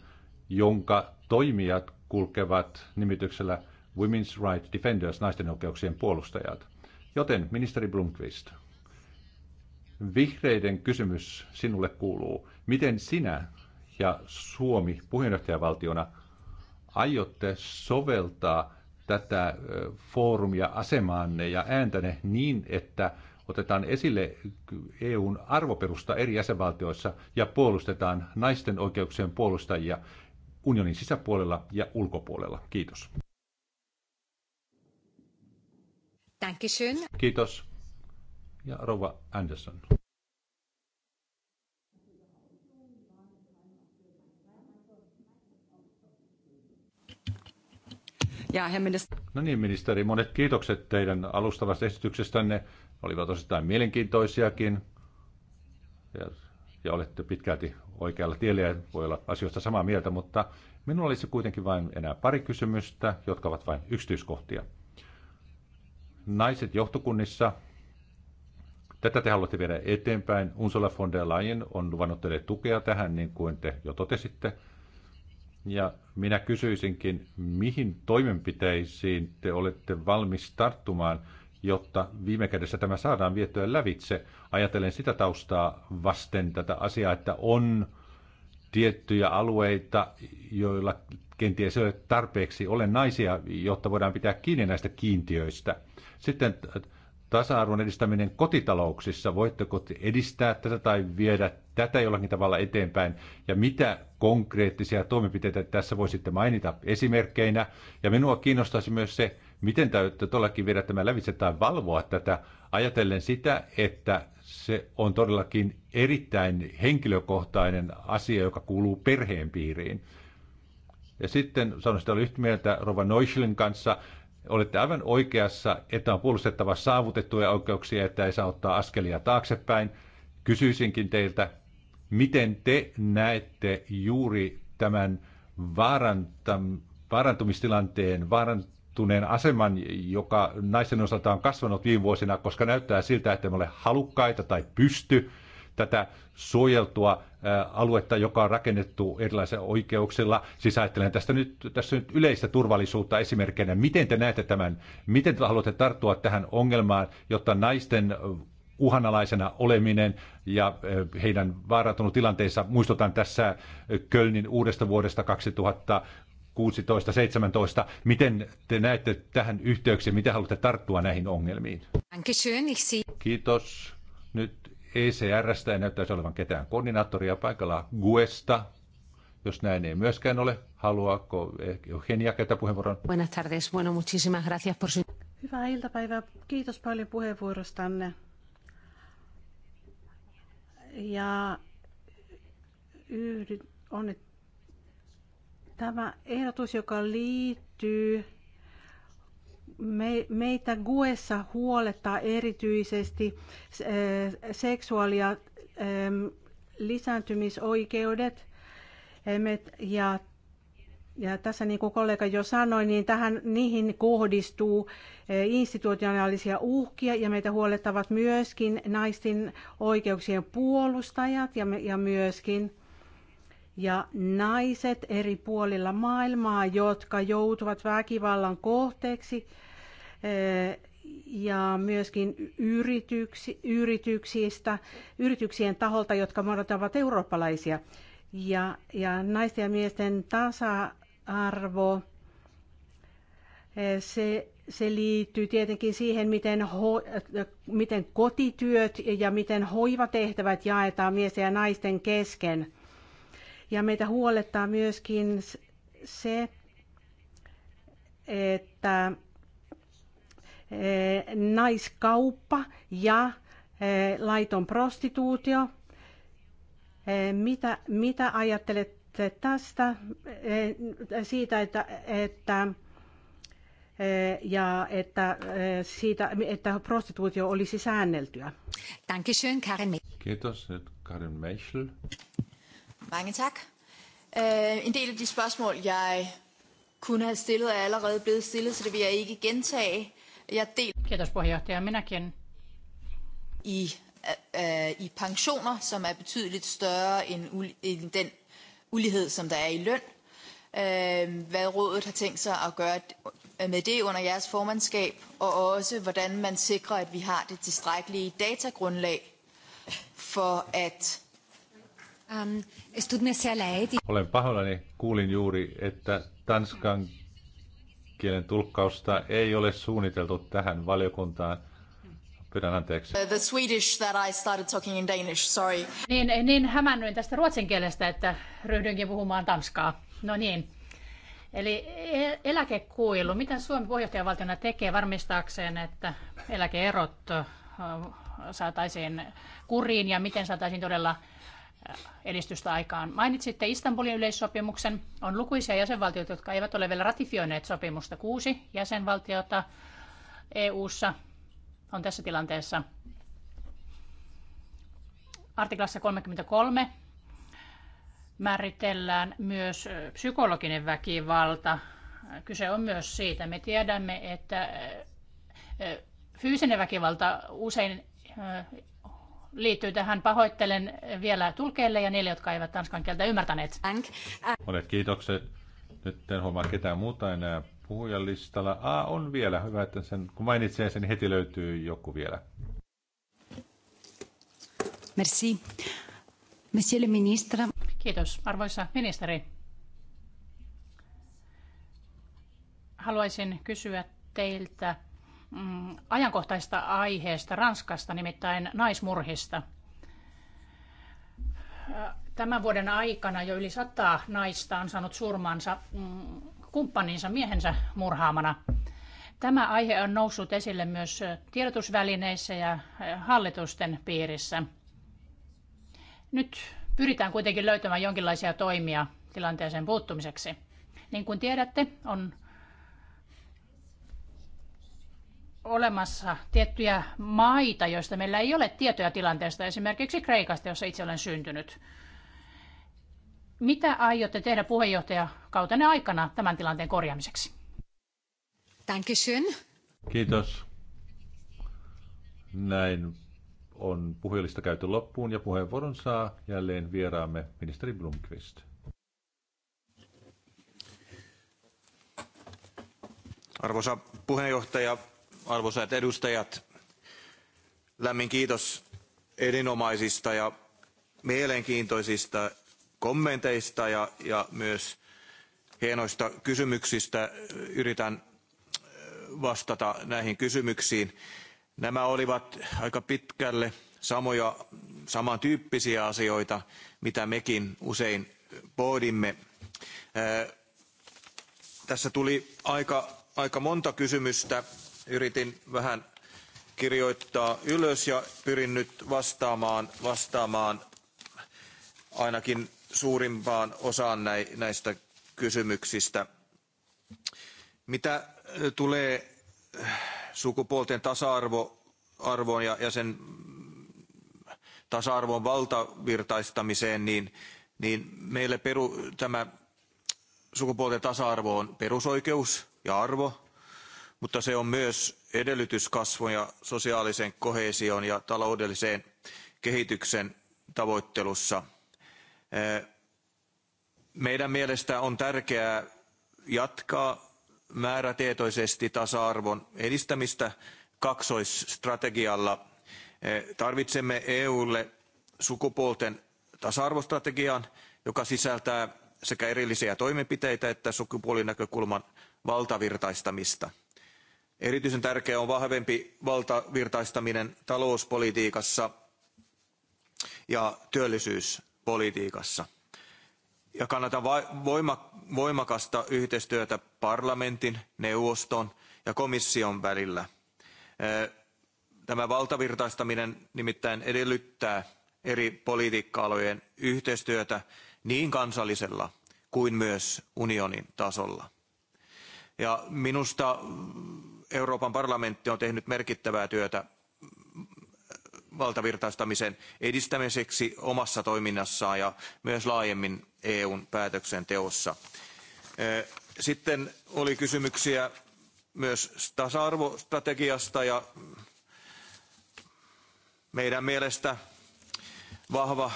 jonka toimijat kulkevat nimityksellä Women's Rights Defenders, naisten oikeuksien puolustajat. Joten, ministeri Blomqvist, vihreiden kysymys sinulle kuuluu. Miten sinä ja Suomi puheenjohtajavaltiona aiotte soveltaa tätä foorumia asemaanne ja ääntäne niin, että otetaan esille EUn arvoperusta eri jäsenvaltioissa ja puolustetaan naisten oikeuksien puolustajia unionin sisäpuolella ja ulkopuolella. Kiitos. Dankeschön. Kiitos. Ja Rova Anderson. Ja, minister... No niin, ministeri, monet kiitokset teidän alustavasta esityksestänne. Olivat osittain mielenkiintoisiakin ja, ja olette pitkälti oikealla tiellä ja voi olla asioista samaa mieltä, mutta minulla olisi kuitenkin vain enää pari kysymystä, jotka ovat vain yksityiskohtia. Naiset johtokunnissa, tätä te haluatte viedä eteenpäin. Ursula von der Leyen on luvannut teille tukea tähän, niin kuin te jo totesitte. Ja minä kysyisinkin, mihin toimenpiteisiin te olette valmis tarttumaan, jotta viime kädessä tämä saadaan viettyä lävitse. Ajatellen sitä taustaa vasten tätä asiaa, että on tiettyjä alueita, joilla kenties ei ole tarpeeksi ole naisia, jotta voidaan pitää kiinni näistä kiintiöistä. Sitten tasa-arvon edistäminen kotitalouksissa. Voitteko edistää tätä tai viedä tätä jollakin tavalla eteenpäin? Ja mitä konkreettisia toimenpiteitä tässä voisitte mainita esimerkkeinä? Ja minua kiinnostaisi myös se, Miten täytyy todellakin viedä tämä lävitse tai valvoa tätä ajatellen sitä, että se on todellakin erittäin henkilökohtainen asia, joka kuuluu perheen piiriin. Ja sitten sanoisin, että olen yhtä mieltä Rova Neuschelin kanssa, olette aivan oikeassa, että on puolustettava saavutettuja oikeuksia, että ei saa ottaa askelia taaksepäin. Kysyisinkin teiltä, miten te näette juuri tämän vaarantam, vaarantumistilanteen, vaaran, parantuneen aseman, joka naisten osalta on kasvanut viime vuosina, koska näyttää siltä, että me ole halukkaita tai pysty tätä suojeltua aluetta, joka on rakennettu erilaisilla oikeuksilla. Siis ajattelen tästä nyt, tässä nyt yleistä turvallisuutta esimerkkinä. Miten te näette tämän? Miten te haluatte tarttua tähän ongelmaan, jotta naisten uhanalaisena oleminen ja heidän vaarantunut tilanteensa. Muistutan tässä Kölnin uudesta vuodesta 2000, 16, 17. Miten te näette tähän yhteyksiin, miten haluatte tarttua näihin ongelmiin? Kiitos. Nyt ECRstä ei näyttäisi olevan ketään koordinaattoria paikalla. Guesta, jos näin ei myöskään ole, haluaako Eugenia käyttää puheenvuoron? Buenas tardes. Bueno, muchísimas gracias por su... Hyvää iltapäivää. Kiitos paljon puheenvuorostanne. Ja yhdyn, onnit, Tämä ehdotus, joka liittyy me, meitä Guessa huolettaa erityisesti eh, seksuaali- ja lisääntymisoikeudet. Ja, ja tässä niin kuin kollega jo sanoi, niin tähän, niihin kohdistuu eh, institutionaalisia uhkia ja meitä huolettavat myöskin naisten oikeuksien puolustajat ja, ja myöskin ja naiset eri puolilla maailmaa, jotka joutuvat väkivallan kohteeksi eh, ja myöskin yrityksi, yrityksistä, yrityksien taholta, jotka muodostavat eurooppalaisia. Ja, ja naisten ja miesten tasa-arvo, eh, se, se liittyy tietenkin siihen, miten, ho, miten kotityöt ja miten hoivatehtävät jaetaan miesten ja naisten kesken – ja meitä huolettaa myöskin se, että eh, naiskauppa ja eh, laiton prostituutio. Eh, mitä, mitä ajattelette tästä, siitä, että, että ja että siitä, että prostituutio olisi säänneltyä. Dankeschön, Karin Kiitos, Karin Meichel. Mange tak. Øh, en del af de spørgsmål, jeg kunne have stillet, er allerede blevet stillet, så det vil jeg ikke gentage. Jeg del... er puheenjohtaja. Minäkin i, øh, i pensioner, som er betydeligt større end, uli- end den ulighed, som der er i løn. Øh, hvad rådet har tænkt sig at gøre med det under jeres formandskab, og også hvordan man sikrer, at vi har det tilstrækkelige datagrundlag for at Ähm, Olen pahoillani, kuulin juuri, että tanskan kielen tulkkausta ei ole suunniteltu tähän valiokuntaan. Pyydän anteeksi. The Swedish that I started talking in Danish, sorry. Niin, niin hämännyin tästä ruotsin kielestä, että ryhdyinkin puhumaan tanskaa. No niin. Eli e- eläkekuilu. Mitä Suomi puheenjohtajavaltiona tekee varmistaakseen, että eläkeerot saataisiin kuriin ja miten saataisiin todella edistystä aikaan. Mainitsitte Istanbulin yleissopimuksen. On lukuisia jäsenvaltioita, jotka eivät ole vielä ratifioineet sopimusta. Kuusi jäsenvaltiota EU:ssa on tässä tilanteessa. Artiklassa 33 määritellään myös psykologinen väkivalta. Kyse on myös siitä. Me tiedämme, että fyysinen väkivalta usein liittyy tähän. Pahoittelen vielä tulkeille ja niille, jotka eivät tanskan kieltä ymmärtäneet. Monet kiitokset. Nyt en huomaa ketään muuta enää puhujalistalla. A on vielä. Hyvä, että sen, kun mainitsen sen, niin heti löytyy joku vielä. Merci. Monsieur le ministre. Kiitos, arvoisa ministeri. Haluaisin kysyä teiltä mm, ajankohtaista aiheesta Ranskasta, nimittäin naismurhista. Äh, tämän vuoden aikana jo yli sata naista on saanut surmansa mm, kumppaninsa miehensä murhaamana. Tämä aihe on noussut esille myös äh, tiedotusvälineissä ja äh, hallitusten piirissä. Nyt pyritään kuitenkin löytämään jonkinlaisia toimia tilanteeseen puuttumiseksi. Niin kuin tiedätte, on olemassa tiettyjä maita, joista meillä ei ole tietoja tilanteesta, esimerkiksi Kreikasta, jossa itse olen syntynyt. Mitä aiotte tehdä puheenjohtaja kautenne aikana tämän tilanteen korjaamiseksi? you. Kiitos. Näin on puhelista käyty loppuun ja puheenvuoron saa jälleen vieraamme ministeri Blomqvist. Arvoisa puheenjohtaja, Arvoisat edustajat, lämmin kiitos erinomaisista ja mielenkiintoisista kommenteista ja, ja myös hienoista kysymyksistä. Yritän äh, vastata näihin kysymyksiin. Nämä olivat aika pitkälle samoja, samantyyppisiä asioita, mitä mekin usein pohdimme. Äh, tässä tuli aika, aika monta kysymystä Yritin vähän kirjoittaa ylös ja pyrin nyt vastaamaan, vastaamaan ainakin suurimpaan osaan näistä kysymyksistä. Mitä tulee äh, sukupuolten tasa-arvoon ja, ja sen mm, tasa-arvon valtavirtaistamiseen, niin, niin meille peru, tämä sukupuolten tasa-arvo on perusoikeus ja arvo, mutta se on myös edellytys kasvun ja sosiaalisen koheesion ja taloudellisen kehityksen tavoittelussa. Meidän mielestä on tärkeää jatkaa määrätietoisesti tasa-arvon edistämistä kaksoisstrategialla. Tarvitsemme EUlle sukupuolten tasa-arvostrategian, joka sisältää sekä erillisiä toimenpiteitä että sukupuolinäkökulman valtavirtaistamista. Erityisen tärkeää on vahvempi valtavirtaistaminen talouspolitiikassa ja työllisyyspolitiikassa. Ja kannatan voimakasta yhteistyötä parlamentin, neuvoston ja komission välillä. Tämä valtavirtaistaminen nimittäin edellyttää eri politiikka-alojen yhteistyötä niin kansallisella kuin myös unionin tasolla. Ja minusta Euroopan parlamentti on tehnyt merkittävää työtä valtavirtaistamisen edistämiseksi omassa toiminnassaan ja myös laajemmin EUn päätöksenteossa. Sitten oli kysymyksiä myös tasa-arvostrategiasta ja meidän mielestä vahva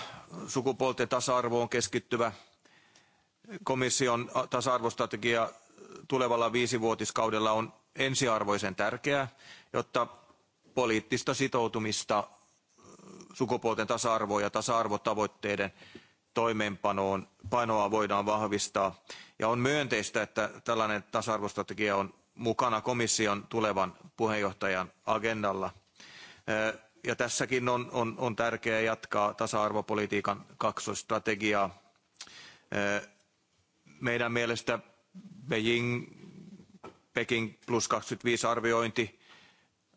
sukupuolten tasa-arvoon keskittyvä komission tasa-arvostrategia tulevalla viisivuotiskaudella on ensiarvoisen tärkeää, jotta poliittista sitoutumista sukupuolten tasa-arvoon ja tasa-arvotavoitteiden toimeenpanoon painoa voidaan vahvistaa. Ja on myönteistä, että tällainen tasa-arvostrategia on mukana komission tulevan puheenjohtajan agendalla. Ja tässäkin on, on, on tärkeää jatkaa tasa-arvopolitiikan kaksoistrategiaa. Meidän mielestä Beijing Peking plus 25 arviointi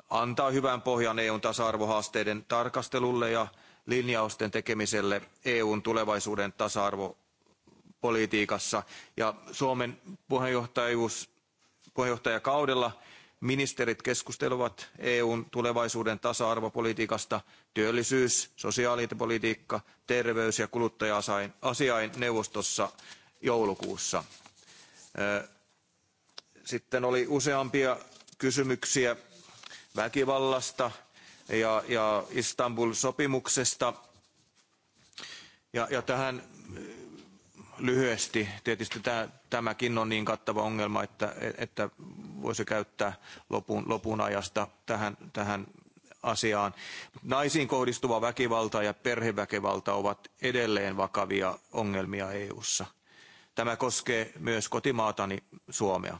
antaa hyvän pohjan EUn tasa-arvohaasteiden tarkastelulle ja linjausten tekemiselle EUn tulevaisuuden tasa-arvopolitiikassa. Ja Suomen puheenjohtajuus, puheenjohtajakaudella ministerit keskustelevat EUn tulevaisuuden tasa-arvopolitiikasta työllisyys, sosiaalipolitiikka, terveys ja kuluttaja-asiain neuvostossa joulukuussa. Sitten oli useampia kysymyksiä väkivallasta ja, ja Istanbul-sopimuksesta. Ja, ja tähän äh, lyhyesti. Tietysti tämä, tämäkin on niin kattava ongelma, että, että voisi käyttää lopun, lopun ajasta tähän, tähän asiaan. Naisiin kohdistuva väkivalta ja perheväkivalta ovat edelleen vakavia ongelmia EU:ssa. Tämä koskee myös kotimaatani Suomea.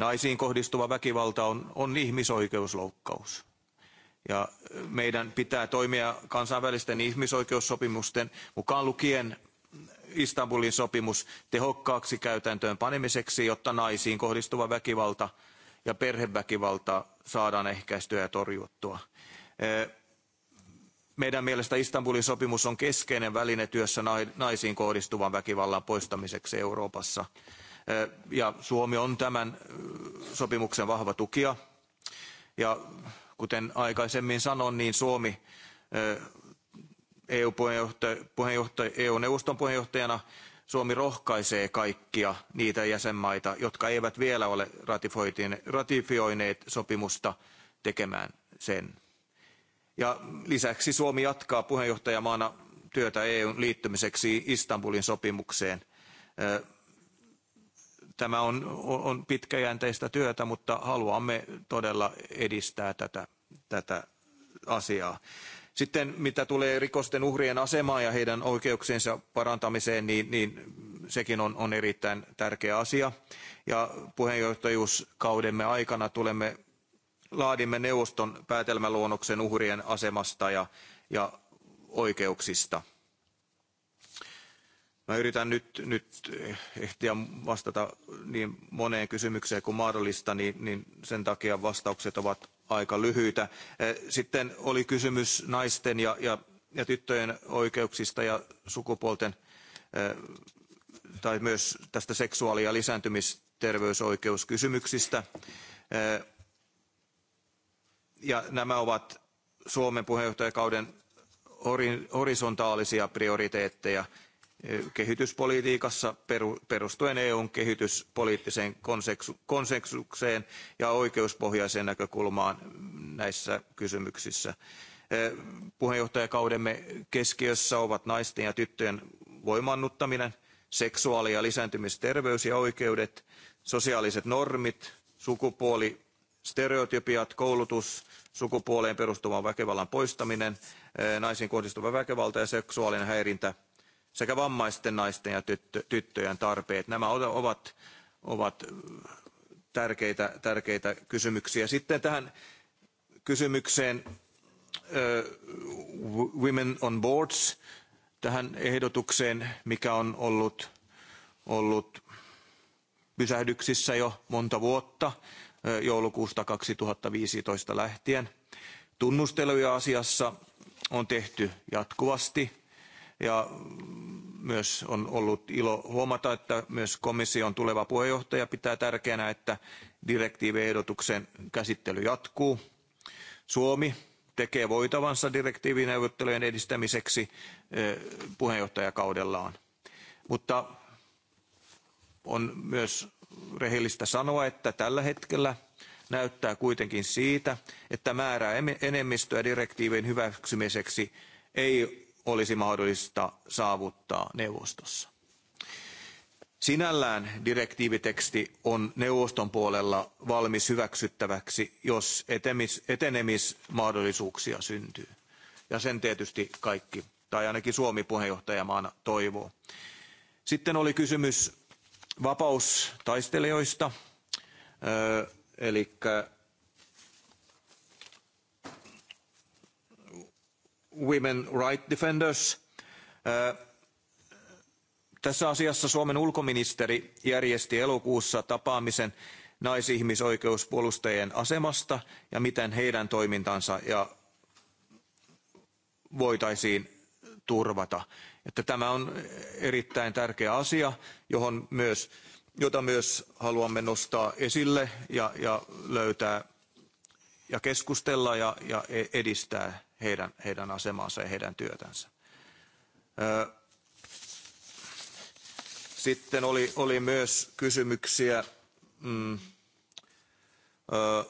Naisiin kohdistuva väkivalta on, on ihmisoikeusloukkaus. Ja meidän pitää toimia kansainvälisten ihmisoikeussopimusten mukaan lukien Istanbulin sopimus tehokkaaksi käytäntöön panemiseksi, jotta naisiin kohdistuva väkivalta ja perheväkivalta saadaan ehkäistyä ja torjuttua. Meidän mielestä Istanbulin sopimus on keskeinen väline työssä naisiin kohdistuvan väkivallan poistamiseksi Euroopassa. Eh, ja Suomi on tämän eh, sopimuksen vahva tukija. Ja kuten aikaisemmin sanoin, niin Suomi eh, EU-neuvoston puheenjohtajana Suomi rohkaisee kaikkia niitä jäsenmaita, jotka eivät vielä ole ratifioineet sopimusta tekemään sen. Ja lisäksi Suomi jatkaa puheenjohtajamaana työtä EUn liittymiseksi Istanbulin sopimukseen Tämä on, on pitkäjänteistä työtä, mutta haluamme todella edistää tätä, tätä asiaa. Sitten mitä tulee rikosten uhrien asemaan ja heidän oikeuksiensa parantamiseen, niin, niin sekin on, on erittäin tärkeä asia. Ja puheenjohtajuuskaudemme aikana tulemme, laadimme neuvoston päätelmäluonnoksen uhrien asemasta ja, ja oikeuksista. Mä yritän nyt, nyt ehtiä vastata niin moneen kysymykseen kuin mahdollista, niin, niin sen takia vastaukset ovat aika lyhyitä. Sitten oli kysymys naisten ja, ja, ja tyttöjen oikeuksista ja sukupuolten tai myös tästä seksuaali- ja lisääntymisterveysoikeuskysymyksistä. Ja nämä ovat Suomen puheenjohtajakauden horisontaalisia prioriteetteja kehityspolitiikassa perustuen EUn kehityspoliittiseen konsensukseen ja oikeuspohjaiseen näkökulmaan näissä kysymyksissä. Puheenjohtajakaudemme keskiössä ovat naisten ja tyttöjen voimannuttaminen, seksuaali- ja lisääntymisterveys ja oikeudet, sosiaaliset normit, sukupuoli, stereotypiat, koulutus, sukupuoleen perustuvan väkivallan poistaminen, naisiin kohdistuva väkivalta ja seksuaalinen häirintä sekä vammaisten naisten ja tyttö, tyttöjen tarpeet. Nämä ovat, ovat tärkeitä, tärkeitä kysymyksiä. Sitten tähän kysymykseen uh, Women on Boards, tähän ehdotukseen, mikä on ollut, ollut pysähdyksissä jo monta vuotta joulukuusta 2015 lähtien. Tunnusteluja asiassa on tehty jatkuvasti ja myös on ollut ilo huomata, että myös komission tuleva puheenjohtaja pitää tärkeänä, että direktiiviehdotuksen käsittely jatkuu. Suomi tekee voitavansa direktiivineuvottelujen edistämiseksi puheenjohtajakaudellaan. Mutta on myös rehellistä sanoa, että tällä hetkellä näyttää kuitenkin siitä, että määrää enemmistöä direktiivin hyväksymiseksi ei olisi mahdollista saavuttaa neuvostossa. Sinällään direktiiviteksti on neuvoston puolella valmis hyväksyttäväksi, jos etemis, etenemismahdollisuuksia syntyy. Ja sen tietysti kaikki, tai ainakin Suomi puheenjohtajamaana toivoo. Sitten oli kysymys vapaustaistelijoista, eli women right defenders. Äh, tässä asiassa Suomen ulkoministeri järjesti elokuussa tapaamisen naisihmisoikeuspuolustajien asemasta ja miten heidän toimintansa ja voitaisiin turvata. Että tämä on erittäin tärkeä asia, johon myös, jota myös haluamme nostaa esille ja, ja löytää ja keskustella ja, ja e-, edistää heidän, heidän asemansa ja heidän työtänsä. Sitten oli, oli myös kysymyksiä mm, ö,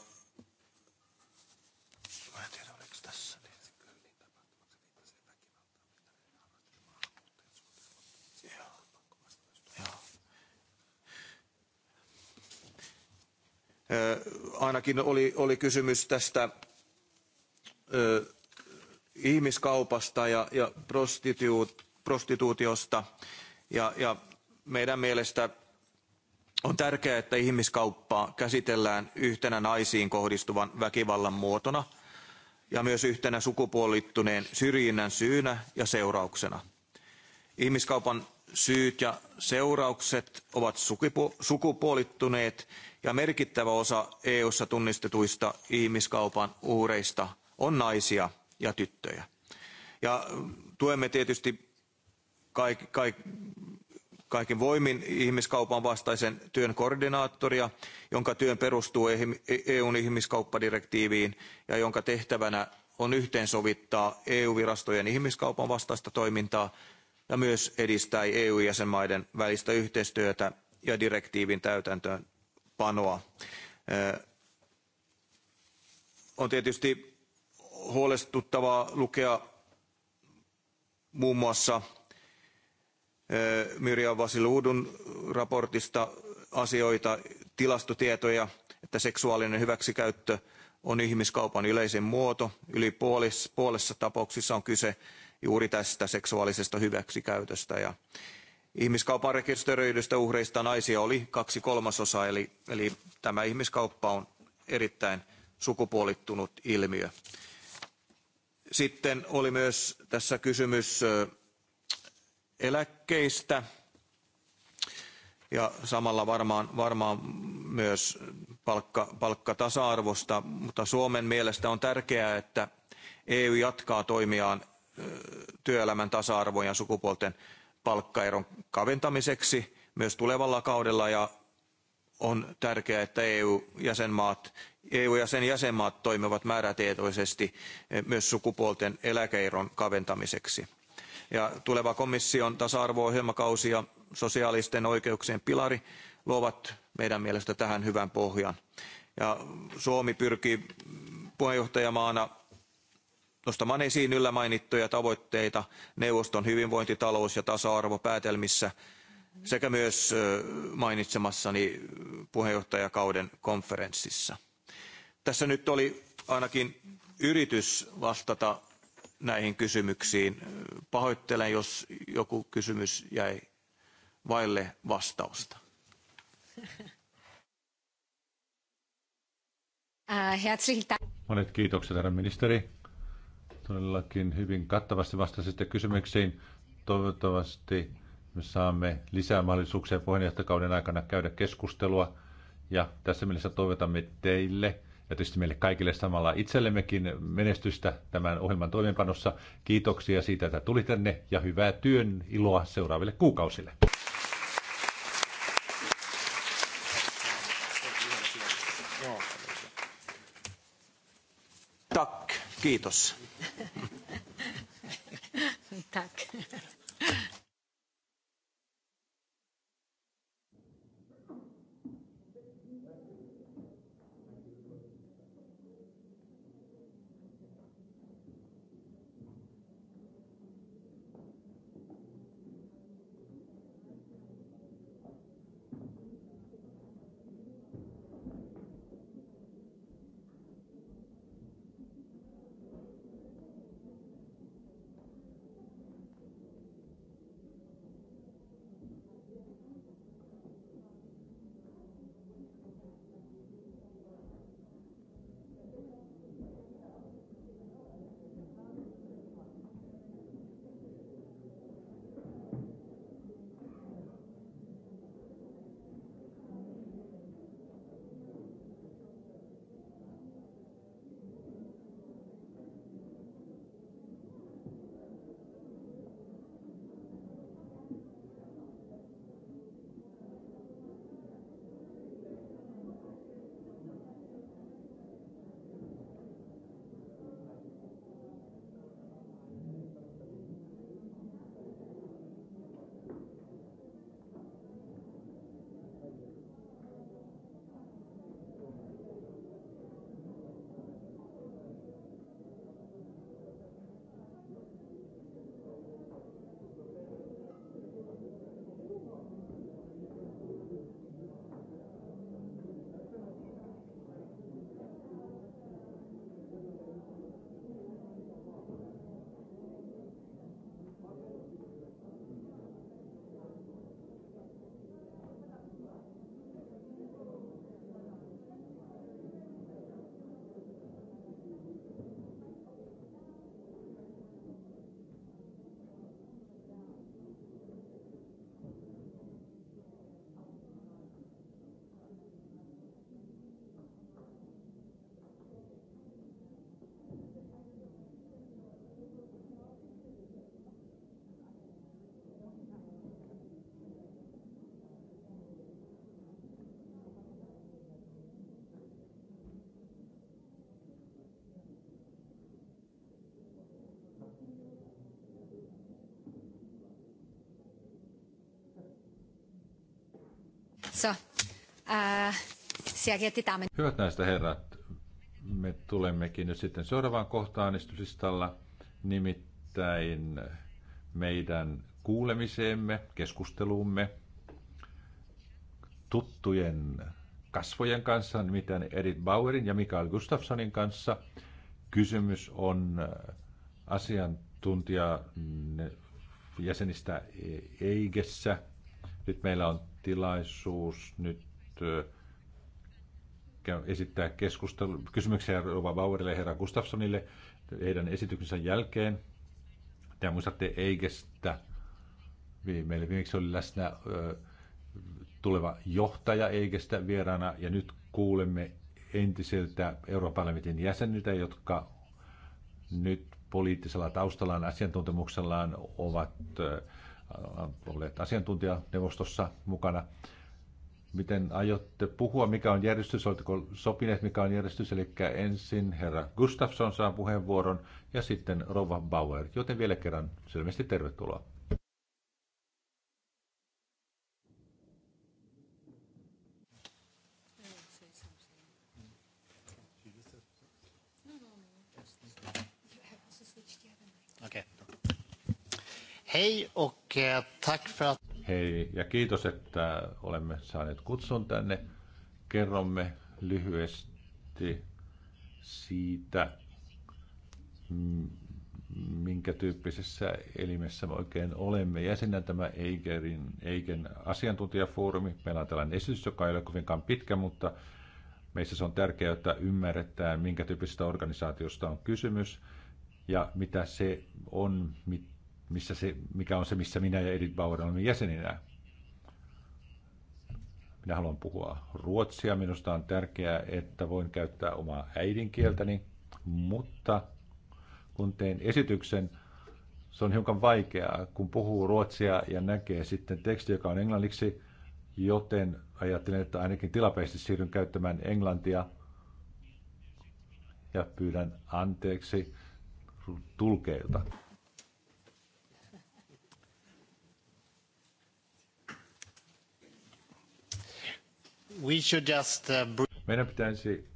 niin, ainakin oli, oli kysymys tästä ö, ihmiskaupasta ja, ja prostituutiosta. Ja, ja meidän mielestä on tärkeää, että ihmiskauppaa käsitellään yhtenä naisiin kohdistuvan väkivallan muotona ja myös yhtenä sukupuolittuneen syrjinnän syynä ja seurauksena. Ihmiskaupan syyt ja seuraukset ovat sukupuolittuneet ja merkittävä osa EU:ssa tunnistetuista ihmiskaupan uhreista on naisia ja tyttöjä. Ja tuemme tietysti kaik, kaik, kaikin voimin ihmiskaupan vastaisen työn koordinaattoria, jonka työn perustuu EUn e ihmiskauppadirektiiviin ja jonka tehtävänä on yhteensovittaa EU-virastojen ihmiskaupan vastaista toimintaa ja myös edistää EU-jäsenmaiden välistä yhteistyötä ja direktiivin täytäntöönpanoa. On tietysti huolestuttavaa lukea muun muassa eh, Mirja Vasiluudun raportista asioita, tilastotietoja, että seksuaalinen hyväksikäyttö on ihmiskaupan yleisin muoto. Yli puolessa, puolessa tapauksissa on kyse juuri tästä seksuaalisesta hyväksikäytöstä. Ja ihmiskaupan rekisteröidystä uhreista naisia oli kaksi kolmasosaa, eli, eli tämä ihmiskauppa on erittäin sukupuolittunut ilmiö. Sitten oli myös tässä kysymys eläkkeistä ja samalla varmaan, varmaan myös palkka, palkkatasa-arvosta, mutta Suomen mielestä on tärkeää, että EU jatkaa toimiaan työelämän tasa-arvon ja sukupuolten palkkaeron kaventamiseksi myös tulevalla kaudella ja on tärkeää, että EU-jäsenmaat EU ja sen jäsenmaat toimivat määrätietoisesti e, myös sukupuolten eläkeiron kaventamiseksi. Ja tuleva komission tasa-arvo-ohjelmakausi ja sosiaalisten oikeuksien pilari luovat meidän mielestä tähän hyvän pohjan. Ja Suomi pyrkii puheenjohtajamaana nostamaan esiin yllä mainittuja tavoitteita neuvoston hyvinvointitalous- ja tasa-arvopäätelmissä sekä myös e, mainitsemassani puheenjohtajakauden konferenssissa. Tässä nyt oli ainakin yritys vastata näihin kysymyksiin. Pahoittelen, jos joku kysymys jäi vaille vastausta. Monet kiitokset, herra ministeri. Todellakin hyvin kattavasti vastasitte kysymyksiin. Toivottavasti me saamme lisää mahdollisuuksia puheenjohtajakauden aikana käydä keskustelua. Ja tässä mielessä toivotamme teille – ja tietysti meille kaikille samalla itsellemmekin menestystä tämän ohjelman toimeenpanossa. Kiitoksia siitä, että tuli tänne ja hyvää työn iloa seuraaville kuukausille. Tack, kiitos. So, äh, Hyvät näistä herrat, me tulemmekin nyt sitten seuraavaan kohtaan istusistalla nimittäin meidän kuulemiseemme, keskusteluumme tuttujen kasvojen kanssa, nimittäin Edith Bauerin ja Mikael Gustafssonin kanssa. Kysymys on asiantuntija jäsenistä Eigessä – nyt meillä on tilaisuus nyt esittää keskustelu, kysymyksiä Rova Bauerille ja herra Gustafssonille heidän esityksensä jälkeen. Te muistatte Eigestä. Meillä viimeksi oli läsnä tuleva johtaja Eigestä vieraana ja nyt kuulemme entisiltä Euroopan jäseniltä, jotka nyt poliittisella taustallaan, asiantuntemuksellaan ovat Äh, olleet asiantuntijaneuvostossa mukana. Miten aiotte puhua, mikä on järjestys? Oletteko sopineet, mikä on järjestys? Eli ensin herra Gustafsson saa puheenvuoron ja sitten rouva Bauer. Joten vielä kerran selvästi tervetuloa. Hei och eh, tack för att... Hei ja kiitos, että olemme saaneet kutsun tänne. Kerromme lyhyesti siitä, minkä tyyppisessä elimessä me oikein olemme. Jäsenä tämä Eigerin, Eigen asiantuntijafoorumi. Meillä on tällainen esitys, joka ei ole kovinkaan pitkä, mutta meissä se on tärkeää, että ymmärretään, minkä tyyppisestä organisaatiosta on kysymys ja mitä se on, mit, missä se, mikä on se, missä minä ja Edith Bauer olemme jäseninä. Minä haluan puhua ruotsia. Minusta on tärkeää, että voin käyttää omaa äidinkieltäni, mutta kun teen esityksen, se on hiukan vaikeaa, kun puhuu ruotsia ja näkee sitten teksti, joka on englanniksi, joten ajattelin, että ainakin tilapäisesti siirryn käyttämään englantia ja pyydän anteeksi tulkeilta. We should just, uh, Meidän pitäisi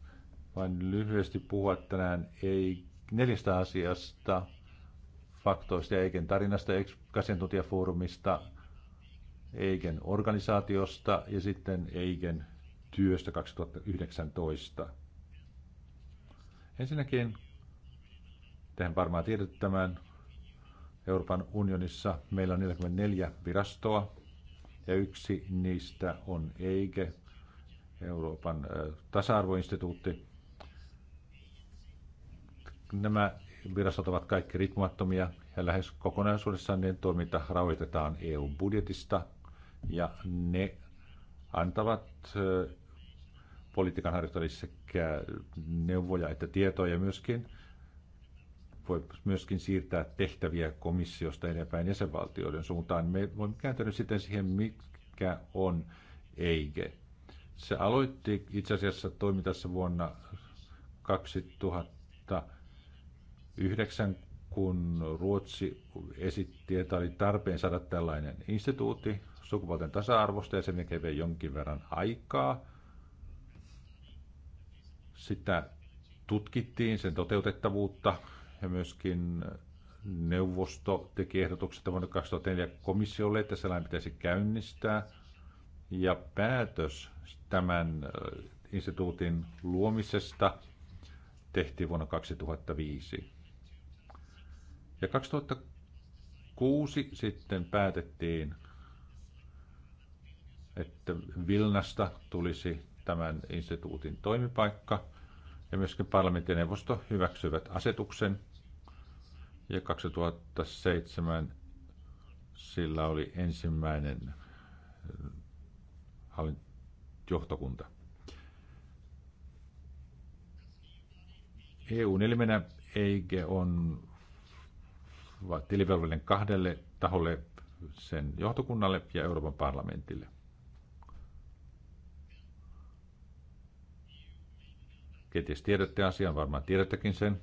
vain lyhyesti puhua tänään ei neljästä asiasta, faktoista ja Eiken tarinasta, asiantuntijafoorumista, Eiken organisaatiosta ja sitten Eiken työstä 2019. Ensinnäkin, tehän varmaan tiedätte tämän, Euroopan unionissa meillä on 44 virastoa ja yksi niistä on EIGE, Euroopan tasa-arvoinstituutti. Nämä virastot ovat kaikki riippumattomia ja lähes kokonaisuudessaan ne toiminta rahoitetaan EU-budjetista ja ne antavat politiikan harjoittajille sekä neuvoja että tietoja ja myöskin voi myöskin siirtää tehtäviä komissiosta eteenpäin jäsenvaltioiden suuntaan. Me voimme kääntyä sitten siihen, mikä on EIGE. Se aloitti itse asiassa toimintassa vuonna 2009, kun Ruotsi esitti, että oli tarpeen saada tällainen instituutti sukupuolten tasa-arvosta ja se vei jonkin verran aikaa. Sitä tutkittiin, sen toteutettavuutta ja myöskin neuvosto teki ehdotukset vuonna 2004 komissiolle, että sellainen pitäisi käynnistää. Ja päätös tämän instituutin luomisesta tehtiin vuonna 2005. Ja 2006 sitten päätettiin, että Vilnasta tulisi tämän instituutin toimipaikka, ja myöskin parlamentin hyväksyvät asetuksen, ja 2007 sillä oli ensimmäinen johtokunta. EU elimenä EIG on tilivelvollinen kahdelle taholle, sen johtokunnalle ja Euroopan parlamentille. Kenties tiedätte asian, varmaan tiedättekin sen,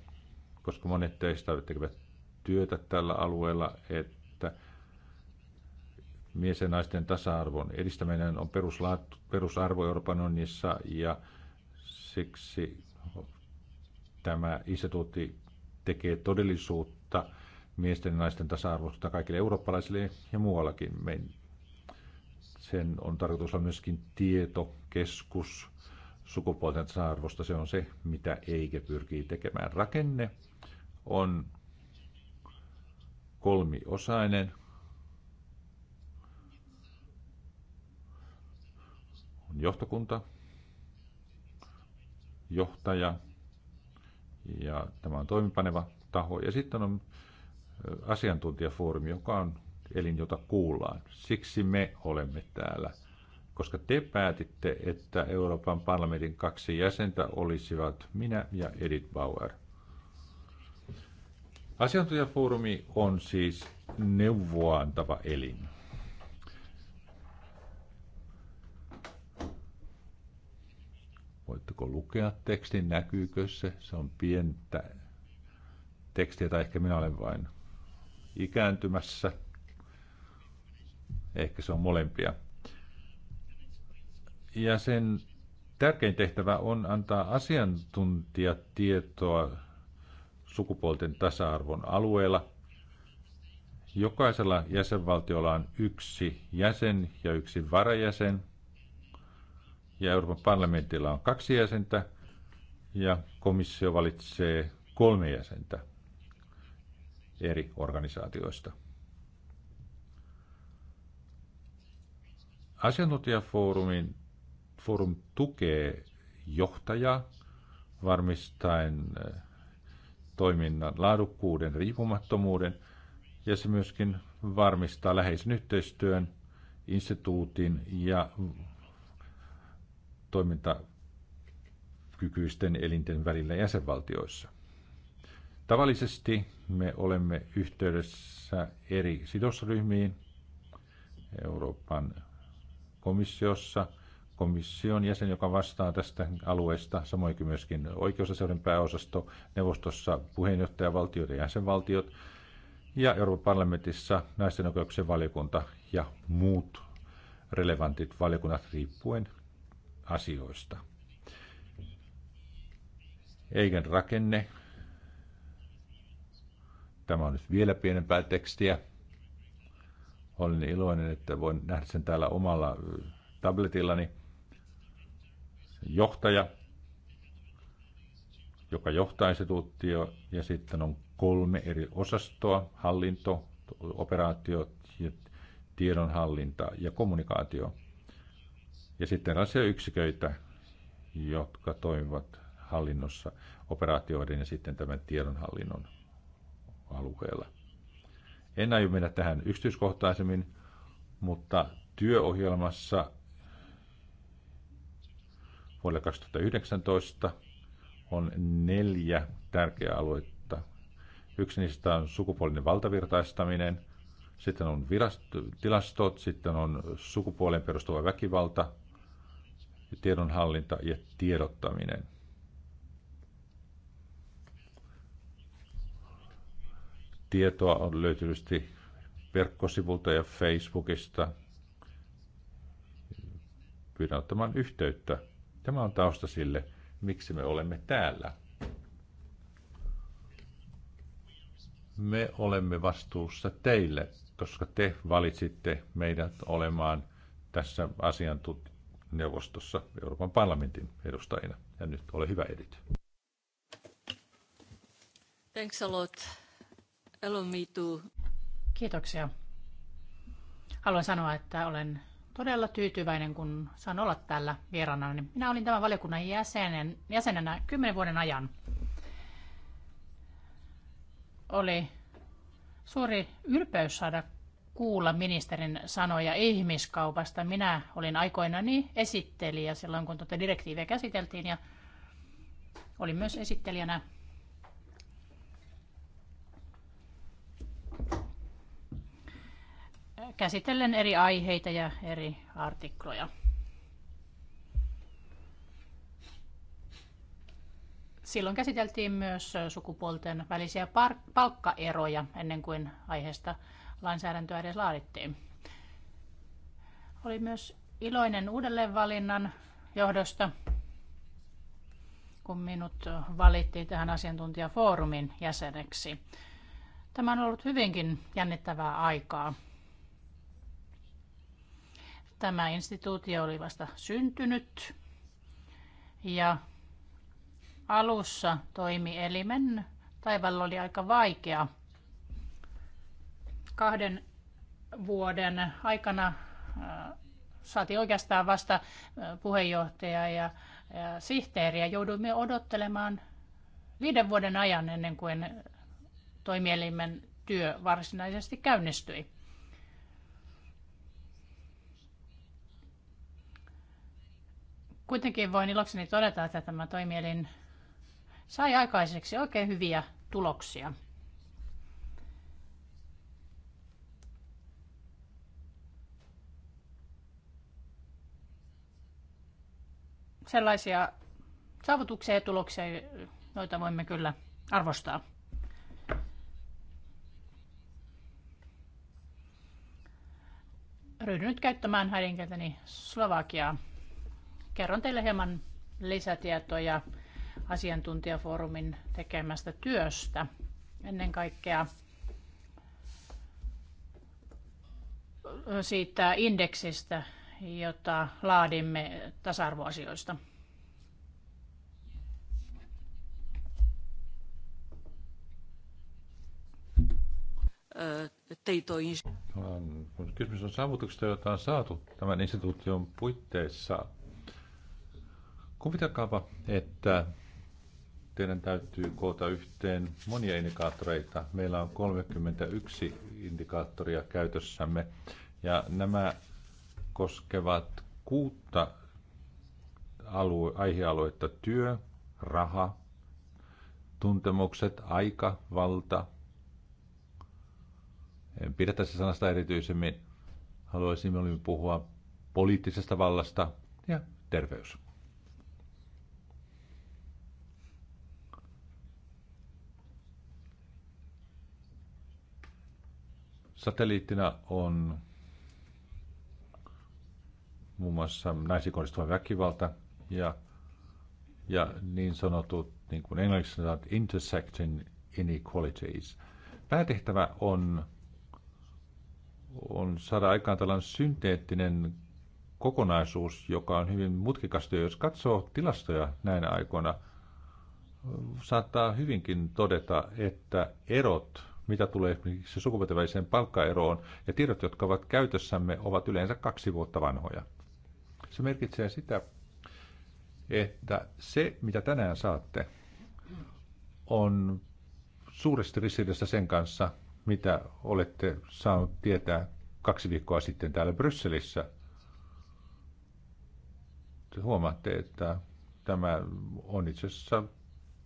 koska monet teistä tekevät työtä tällä alueella, että mies- ja naisten tasa-arvon edistäminen on perusarvo Euroopan unionissa ja siksi tämä instituutti tekee todellisuutta miesten ja naisten tasa-arvosta kaikille eurooppalaisille ja muuallakin. Sen on tarkoitus olla myöskin tietokeskus sukupuolten tasa-arvosta. Se on se, mitä EIGE pyrkii tekemään. Rakenne on kolmiosainen – on johtokunta, johtaja ja tämä on toimipaneva taho. Ja sitten on asiantuntijafoorumi, joka on elin, jota kuullaan. Siksi me olemme täällä, koska te päätitte, että Euroopan parlamentin kaksi jäsentä olisivat minä ja Edith Bauer. Asiantuntijafoorumi on siis neuvoantava elin. Voitteko lukea tekstin, näkyykö se? Se on pientä tekstiä, tai ehkä minä olen vain ikääntymässä. Ehkä se on molempia. Ja sen tärkein tehtävä on antaa asiantuntijatietoa sukupuolten tasa-arvon alueella. Jokaisella jäsenvaltiolla on yksi jäsen ja yksi varajäsen ja Euroopan parlamentilla on kaksi jäsentä ja komissio valitsee kolme jäsentä eri organisaatioista. Asiantuntijafoorumin foorum tukee johtajaa varmistaen eh, toiminnan laadukkuuden, riippumattomuuden ja se myöskin varmistaa läheisen yhteistyön instituutin ja toimintakykyisten elinten välillä jäsenvaltioissa. Tavallisesti me olemme yhteydessä eri sidosryhmiin Euroopan komissiossa, komission jäsen, joka vastaa tästä alueesta, samoin kuin myöskin oikeusasioiden pääosasto, neuvostossa puheenjohtajavaltioiden jäsenvaltiot, ja Euroopan parlamentissa naisten oikeuksien valiokunta ja muut relevantit valiokunnat riippuen asioista. Eigen rakenne. Tämä on nyt vielä pienempää tekstiä. Olen iloinen, että voin nähdä sen täällä omalla tabletillani. Johtaja, joka johtaa instituuttio, ja sitten on kolme eri osastoa, hallinto, operaatiot ja tiedonhallinta ja kommunikaatio ja sitten erilaisia yksiköitä, jotka toimivat hallinnossa operaatioiden ja sitten tämän tiedonhallinnon alueella. En aio mennä tähän yksityiskohtaisemmin, mutta työohjelmassa vuodelle 2019 on neljä tärkeää aluetta. Yksi niistä on sukupuolinen valtavirtaistaminen, sitten on virast- tilastot, sitten on sukupuolen perustuva väkivalta, tiedonhallinta ja tiedottaminen. Tietoa on löytynyt verkkosivulta ja Facebookista. Pyydän ottamaan yhteyttä. Tämä on tausta sille, miksi me olemme täällä. Me olemme vastuussa teille, koska te valitsitte meidät olemaan tässä asiantunt- neuvostossa Euroopan parlamentin edustajina. Ja nyt ole hyvä Edith. Thanks a lot. Hello, me too. Kiitoksia. Haluan sanoa, että olen todella tyytyväinen, kun saan olla täällä vieraana. Niin minä olin tämän valiokunnan jäsenen, jäsenenä kymmenen vuoden ajan. Oli suuri ylpeys saada kuulla ministerin sanoja ihmiskaupasta. Minä olin aikoinaan niin esittelijä silloin, kun tuota direktiiviä käsiteltiin ja olin myös esittelijänä käsitellen eri aiheita ja eri artikloja. Silloin käsiteltiin myös sukupuolten välisiä palkkaeroja ennen kuin aiheesta lainsäädäntöä edes laadittiin. Oli myös iloinen uudelleenvalinnan johdosta, kun minut valittiin tähän asiantuntijafoorumin jäseneksi. Tämä on ollut hyvinkin jännittävää aikaa. Tämä instituutio oli vasta syntynyt ja alussa toimi elimen taivaalla oli aika vaikea – kahden vuoden aikana äh, saatiin oikeastaan vasta äh, puheenjohtaja ja sihteeriä. Jouduimme odottelemaan viiden vuoden ajan ennen kuin toimielimen työ varsinaisesti käynnistyi. Kuitenkin voin ilokseni todeta, että tämä toimielin sai aikaiseksi oikein hyviä tuloksia. sellaisia saavutuksia ja tuloksia, joita voimme kyllä arvostaa. Ryhdyn nyt käyttämään häidinkieltäni Slovakiaa. Kerron teille hieman lisätietoja asiantuntijafoorumin tekemästä työstä. Ennen kaikkea siitä indeksistä, jota laadimme tasa-arvoasioista. Kun kysymys on saavutuksista, joita on saatu tämän instituution puitteissa, kuvitelkaapa, että teidän täytyy koota yhteen monia indikaattoreita. Meillä on 31 indikaattoria käytössämme ja nämä koskevat kuutta alue, aihealuetta työ, raha, tuntemukset, aika, valta. En pidä tässä sanasta erityisemmin. Haluaisin puhua poliittisesta vallasta ja terveys. Satelliittina on muun muassa naisiin kohdistuva väkivalta ja, ja niin sanotut, niin kuin englanniksi sanotaan, intersecting inequalities. Päätehtävä on, on saada aikaan tällainen synteettinen kokonaisuus, joka on hyvin mutkikas työ. Jos katsoo tilastoja näinä aikoina, saattaa hyvinkin todeta, että erot, mitä tulee esimerkiksi sukupuolten väliseen palkkaeroon, ja tiedot, jotka ovat käytössämme, ovat yleensä kaksi vuotta vanhoja. Se merkitsee sitä, että se, mitä tänään saatte, on suuresti ristiriidassa sen kanssa, mitä olette saanut tietää kaksi viikkoa sitten täällä Brysselissä. Te huomaatte, että tämä on itse asiassa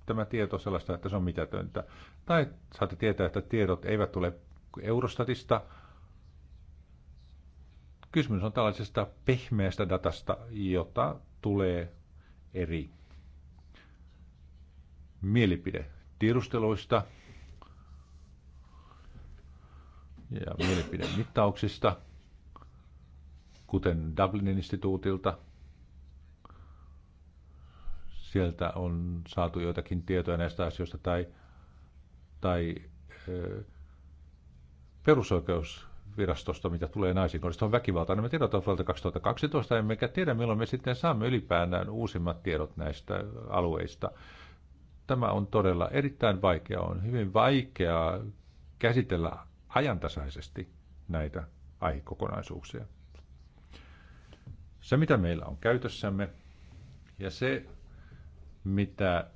tämä tieto sellaista, että se on mitätöntä. Tai saatte tietää, että tiedot eivät tule Eurostatista, Kysymys on tällaisesta pehmeästä datasta, jota tulee eri mielipidetiedusteluista ja mielipidemittauksista, kuten Dublinin instituutilta. Sieltä on saatu joitakin tietoja näistä asioista tai, tai perusoikeus virastosta, mitä tulee naisiin kohdistuvan väkivaltaan. Me tiedot ovat vuodelta 2012, emmekä tiedä milloin me sitten saamme ylipäätään uusimmat tiedot näistä alueista. Tämä on todella erittäin vaikea, on hyvin vaikeaa käsitellä ajantasaisesti näitä aihekokonaisuuksia. Se, mitä meillä on käytössämme, ja se, mitä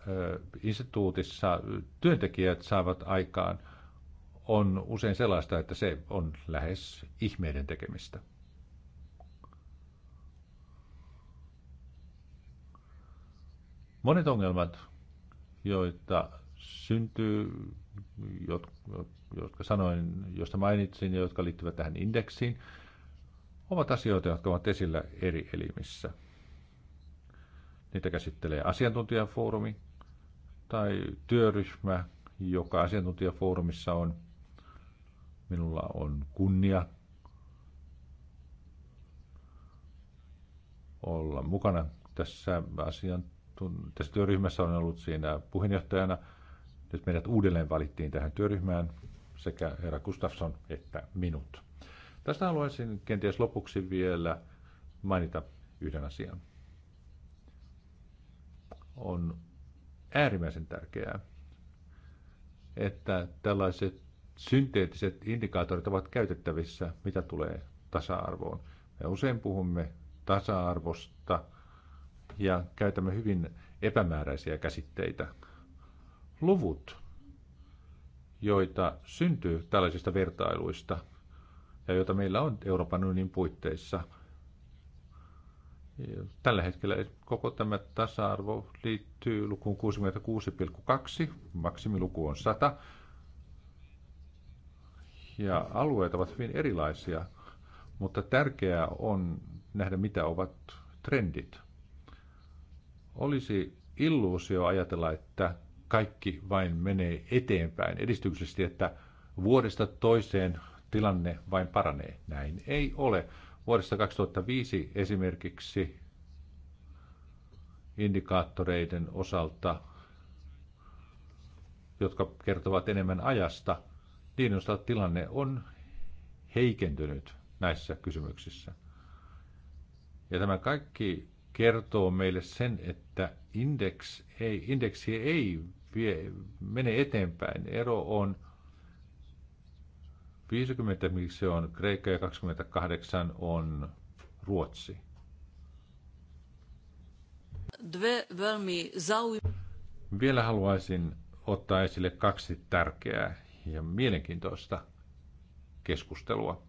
instituutissa työntekijät saavat aikaan – on usein sellaista, että se on lähes ihmeiden tekemistä. Monet ongelmat, joita syntyy, jotka sanoin, josta mainitsin ja jotka liittyvät tähän indeksiin, ovat asioita, jotka ovat esillä eri elimissä. Niitä käsittelee asiantuntijafoorumi tai työryhmä, joka asiantuntijafoorumissa on – Minulla on kunnia olla mukana tässä asian tässä työryhmässä olen ollut siinä puheenjohtajana. Nyt meidät uudelleen valittiin tähän työryhmään sekä herra Gustafsson että minut. Tästä haluaisin kenties lopuksi vielä mainita yhden asian. On äärimmäisen tärkeää, että tällaiset synteettiset indikaattorit ovat käytettävissä, mitä tulee tasa-arvoon. Me usein puhumme tasa-arvosta ja käytämme hyvin epämääräisiä käsitteitä. Luvut, joita syntyy tällaisista vertailuista ja joita meillä on Euroopan unionin puitteissa, Tällä hetkellä koko tämä tasa-arvo liittyy lukuun 66,2, maksimiluku on 100, ja alueet ovat hyvin erilaisia, mutta tärkeää on nähdä, mitä ovat trendit. Olisi illuusio ajatella, että kaikki vain menee eteenpäin edistyksellisesti, että vuodesta toiseen tilanne vain paranee. Näin ei ole. Vuodesta 2005 esimerkiksi indikaattoreiden osalta, jotka kertovat enemmän ajasta, niiden osalta tilanne on heikentynyt näissä kysymyksissä. Ja tämä kaikki kertoo meille sen, että indeks ei, indeksi ei vie, mene eteenpäin. Ero on 50, miksi se on Kreikka ja 28 on Ruotsi. Vielä haluaisin ottaa esille kaksi tärkeää ja mielenkiintoista keskustelua,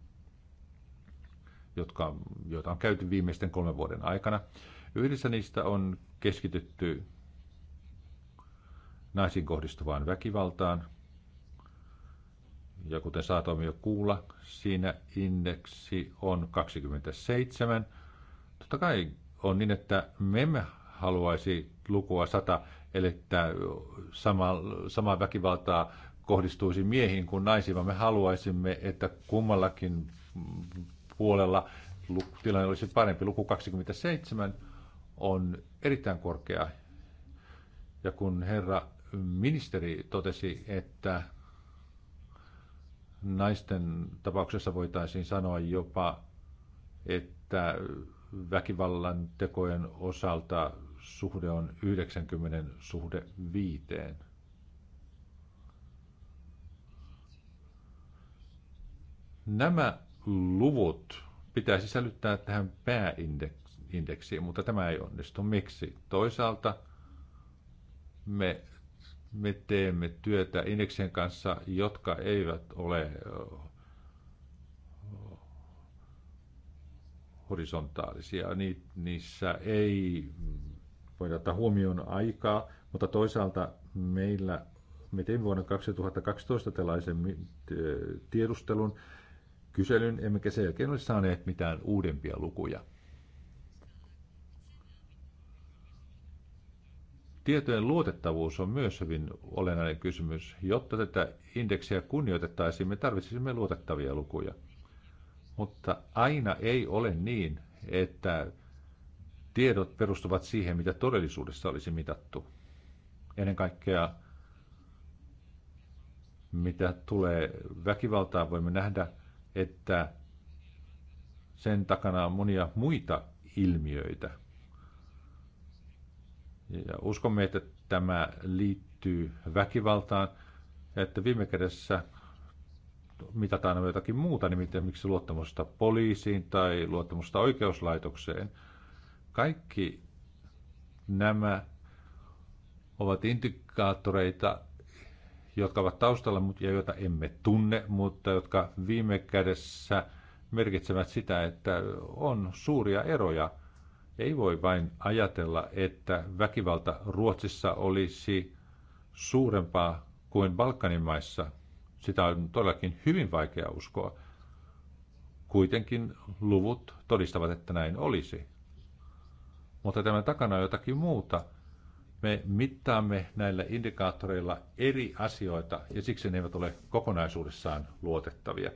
jotka, joita on käyty viimeisten kolmen vuoden aikana. Yhdessä niistä on keskitytty naisiin kohdistuvaan väkivaltaan. Ja kuten saatoimme jo kuulla, siinä indeksi on 27. Totta kai on niin, että me emme haluaisi lukua 100, eli että sama, samaa väkivaltaa kohdistuisi miehiin kuin naisiin, vaan me haluaisimme, että kummallakin puolella tilanne olisi parempi. Luku 27 on erittäin korkea. Ja kun herra ministeri totesi, että naisten tapauksessa voitaisiin sanoa jopa, että väkivallan tekojen osalta suhde on 90 suhde viiteen. Nämä luvut pitää sisällyttää tähän pääindeksiin, mutta tämä ei onnistu. Miksi? Toisaalta me, me teemme työtä indeksien kanssa, jotka eivät ole horisontaalisia. Ni, niissä ei voida ottaa huomioon aikaa, mutta toisaalta meillä, me teimme vuonna 2012 tällaisen tiedustelun, kyselyn, emmekä sen jälkeen ole saaneet mitään uudempia lukuja. Tietojen luotettavuus on myös hyvin olennainen kysymys. Jotta tätä indeksiä kunnioitettaisiin, me tarvitsisimme luotettavia lukuja. Mutta aina ei ole niin, että tiedot perustuvat siihen, mitä todellisuudessa olisi mitattu. Ennen kaikkea, mitä tulee väkivaltaan, voimme nähdä, että sen takana on monia muita ilmiöitä. Ja uskomme, että tämä liittyy väkivaltaan ja että viime kädessä mitataan jotakin muuta, nimittäin miksi luottamusta poliisiin tai luottamusta oikeuslaitokseen. Kaikki nämä ovat indikaattoreita jotka ovat taustalla ja joita emme tunne, mutta jotka viime kädessä merkitsevät sitä, että on suuria eroja. Ei voi vain ajatella, että väkivalta Ruotsissa olisi suurempaa kuin Balkanin maissa. Sitä on todellakin hyvin vaikea uskoa. Kuitenkin luvut todistavat, että näin olisi. Mutta tämän takana on jotakin muuta – me mittaamme näillä indikaattoreilla eri asioita ja siksi ne eivät ole kokonaisuudessaan luotettavia.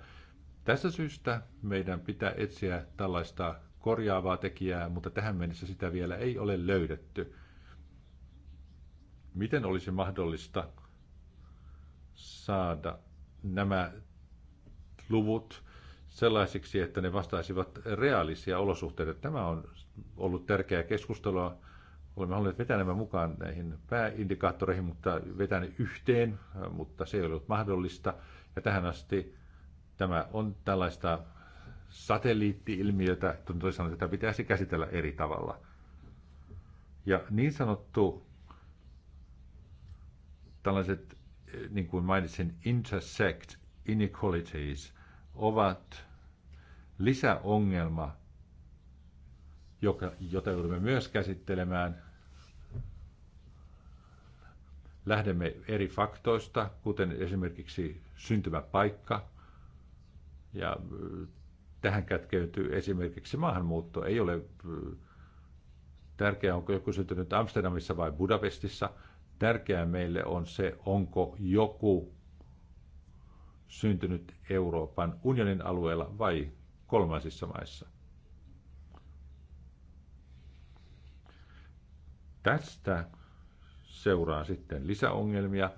Tästä syystä meidän pitää etsiä tällaista korjaavaa tekijää, mutta tähän mennessä sitä vielä ei ole löydetty. Miten olisi mahdollista saada nämä luvut sellaisiksi, että ne vastaisivat reaalisia olosuhteita? Tämä on ollut tärkeää keskustelua Olemme halunneet vetää nämä mukaan näihin pääindikaattoreihin, mutta vetäneet yhteen, mutta se ei ollut mahdollista. Ja tähän asti tämä on tällaista satelliitti-ilmiötä, toisaalta tätä pitäisi käsitellä eri tavalla. Ja niin sanottu tällaiset, eh, niin kuin mainitsin, intersect inequalities ovat lisäongelma, joka, jota joudumme myös käsittelemään, lähdemme eri faktoista, kuten esimerkiksi syntymäpaikka. Ja äh, tähän kätkeytyy esimerkiksi maahanmuutto. Ei ole äh, tärkeää, onko joku syntynyt Amsterdamissa vai Budapestissa. Tärkeää meille on se, onko joku syntynyt Euroopan unionin alueella vai kolmansissa maissa. Tästä seuraa sitten lisäongelmia.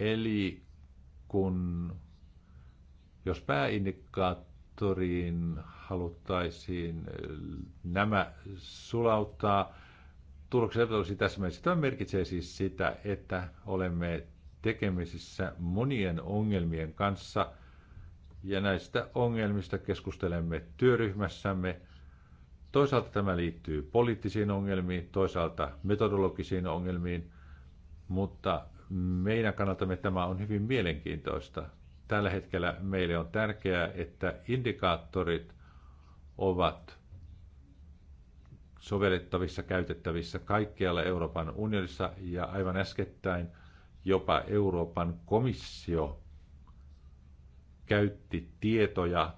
Eli kun jos pääindikaattoriin haluttaisiin eh, nämä sulauttaa, tuloksen olisi täsmällisiä. Tämä merkitsee siis sitä, että olemme tekemisissä monien ongelmien kanssa, ja näistä ongelmista keskustelemme työryhmässämme – Toisaalta tämä liittyy poliittisiin ongelmiin, toisaalta metodologisiin ongelmiin, mutta meidän kannaltamme tämä on hyvin mielenkiintoista. Tällä hetkellä meille on tärkeää, että indikaattorit ovat sovellettavissa, käytettävissä kaikkialla Euroopan unionissa ja aivan äskettäin jopa Euroopan komissio käytti tietoja,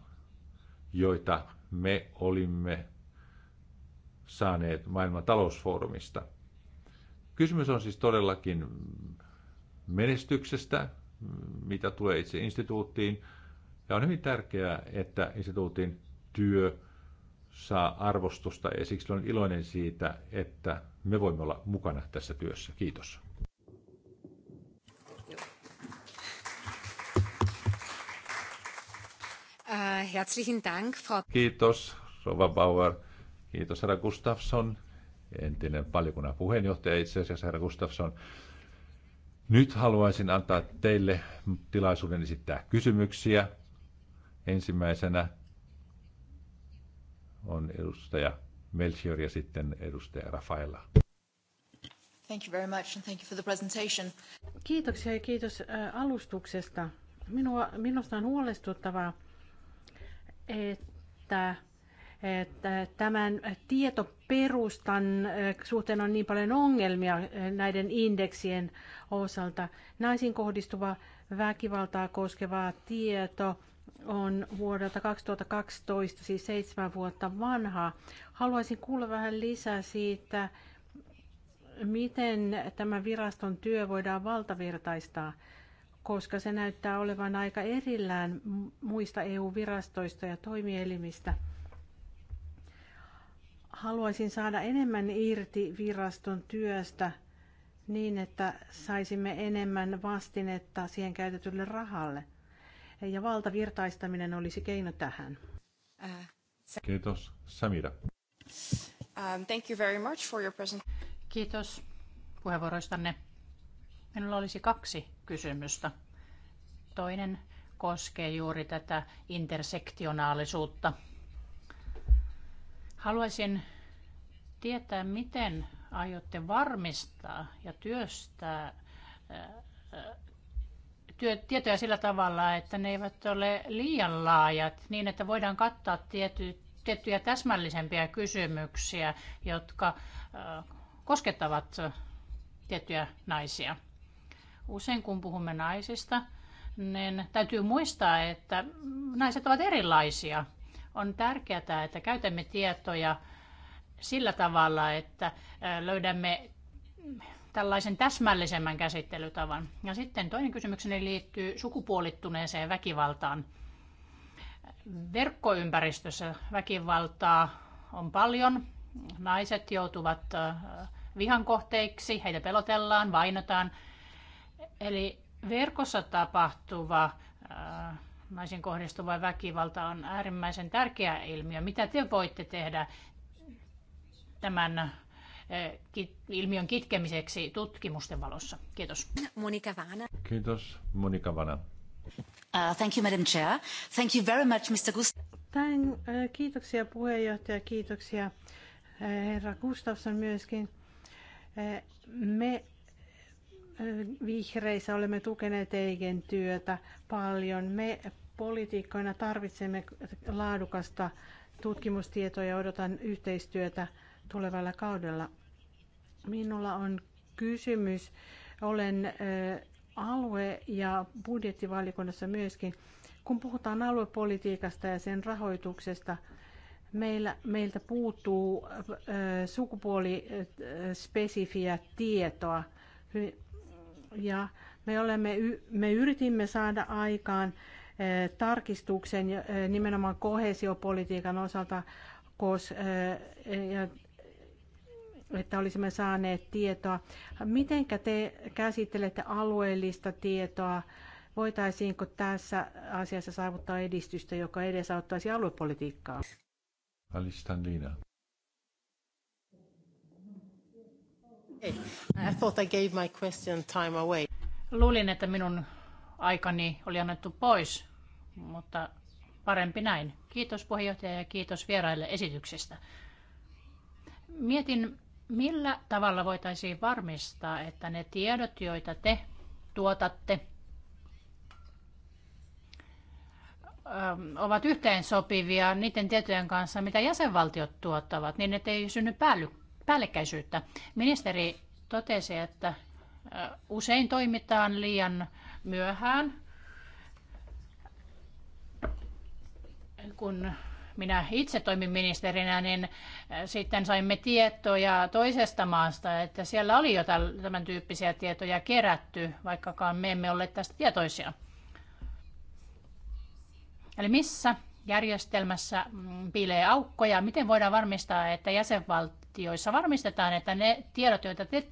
joita me olimme saaneet maailman talousfoorumista. Kysymys on siis todellakin menestyksestä, mitä tulee itse instituuttiin. Ja on hyvin tärkeää, että instituutin työ saa arvostusta ja siksi olen iloinen siitä, että me voimme olla mukana tässä työssä. Kiitos. Äh, herzlichen Dank, Frau... Kiitos, Rova Bauer. Kiitos herra Gustafsson, entinen valiokunnan puheenjohtaja itse asiassa herra Gustafsson. Nyt haluaisin antaa teille tilaisuuden esittää kysymyksiä. Ensimmäisenä on edustaja Melchior ja sitten edustaja Rafaela. Thank you very much and thank you for the presentation. Kiitoksia ja kiitos äh, alustuksesta. Minua, minusta on huolestuttavaa, että tämän tietoperustan suhteen on niin paljon ongelmia näiden indeksien osalta. Naisiin kohdistuva väkivaltaa koskeva tieto on vuodelta 2012, siis seitsemän vuotta vanha. Haluaisin kuulla vähän lisää siitä, miten tämän viraston työ voidaan valtavirtaistaa, koska se näyttää olevan aika erillään muista EU-virastoista ja toimielimistä – haluaisin saada enemmän irti viraston työstä niin, että saisimme enemmän vastinetta siihen käytetylle rahalle. Ja valtavirtaistaminen olisi keino tähän. Äh, Kiitos. Samira. Um, thank you very much for your Kiitos puheenvuoroistanne. Minulla olisi kaksi kysymystä. Toinen koskee juuri tätä intersektionaalisuutta – Haluaisin tietää, miten aiotte varmistaa ja työstää työ, tietoja sillä tavalla, että ne eivät ole liian laajat, niin että voidaan kattaa tiety, tiettyjä täsmällisempiä kysymyksiä, jotka koskettavat tiettyjä naisia. Usein kun puhumme naisista, niin täytyy muistaa, että naiset ovat erilaisia – on tärkeää, että käytämme tietoja sillä tavalla, että löydämme tällaisen täsmällisemmän käsittelytavan. Ja sitten toinen kysymykseni liittyy sukupuolittuneeseen väkivaltaan. Verkkoympäristössä väkivaltaa on paljon. Naiset joutuvat vihan kohteiksi, heitä pelotellaan, vainotaan. Eli verkossa tapahtuva naisiin kohdistuva väkivalta on äärimmäisen tärkeä ilmiö. Mitä te voitte tehdä tämän eh, ilmiön kitkemiseksi tutkimusten valossa? Kiitos. Monika Vana. Kiitos, Monika Vana. Uh, thank you, Madam Chair. Thank you very much, Mr. Gust- Tän, eh, kiitoksia puheenjohtaja, kiitoksia eh, herra Gustafsson myöskin. me vihreissä olemme tukeneet Eigen työtä paljon. Me poliitikkoina tarvitsemme laadukasta tutkimustietoa ja odotan yhteistyötä tulevalla kaudella. Minulla on kysymys. Olen alue- ja budjettivaliokunnassa myöskin. Kun puhutaan aluepolitiikasta ja sen rahoituksesta, meillä, meiltä puuttuu sukupuolispesifiä tietoa. Ja me, olemme, me yritimme saada aikaan eh, tarkistuksen eh, nimenomaan kohesiopolitiikan osalta, koska eh, että olisimme saaneet tietoa. Miten te käsittelette alueellista tietoa? Voitaisiinko tässä asiassa saavuttaa edistystä, joka edesauttaisi aluepolitiikkaa? Alistan Liina. I thought I gave my question time away. Luulin, että minun aikani oli annettu pois, mutta parempi näin. Kiitos puheenjohtaja ja kiitos vieraille esityksestä. Mietin, millä tavalla voitaisiin varmistaa, että ne tiedot, joita te tuotatte, ähm, ovat yhteensopivia niiden tietojen kanssa, mitä jäsenvaltiot tuottavat, niin ettei synny päällykkäisyyttä päällekkäisyyttä. Ministeri totesi, että usein toimitaan liian myöhään, kun minä itse toimin ministerinä, niin sitten saimme tietoja toisesta maasta, että siellä oli jo tämän tyyppisiä tietoja kerätty, vaikkakaan me emme ole tästä tietoisia. Eli missä järjestelmässä mm, piilee aukkoja? Miten voidaan varmistaa, että jäsenvaltio jäsenvaltioissa varmistetaan, että ne tiedot, joita te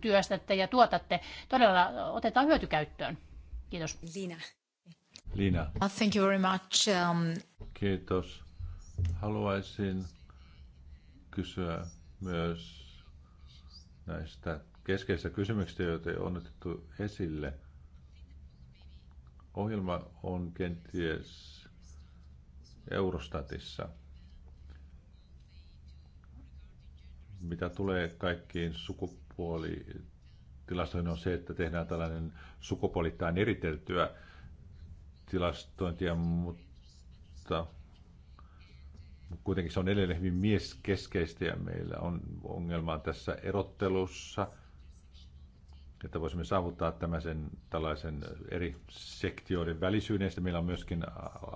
työstätte ja tuotatte, todella otetaan hyötykäyttöön? Kiitos. Liina. Liina. Uh, thank you very much. Um... Kiitos. Haluaisin kysyä myös näistä keskeisistä kysymyksistä, joita on otettu esille. Ohjelma on kenties Eurostatissa – mitä tulee kaikkiin sukupuolitilastoihin, on se, että tehdään tällainen sukupuolittain eriteltyä tilastointia, mutta kuitenkin se on edelleen hyvin mieskeskeistä ja meillä on ongelmaa tässä erottelussa, että voisimme saavuttaa tämän sen, tällaisen eri sektioiden välisyyden. Sitten meillä on myöskin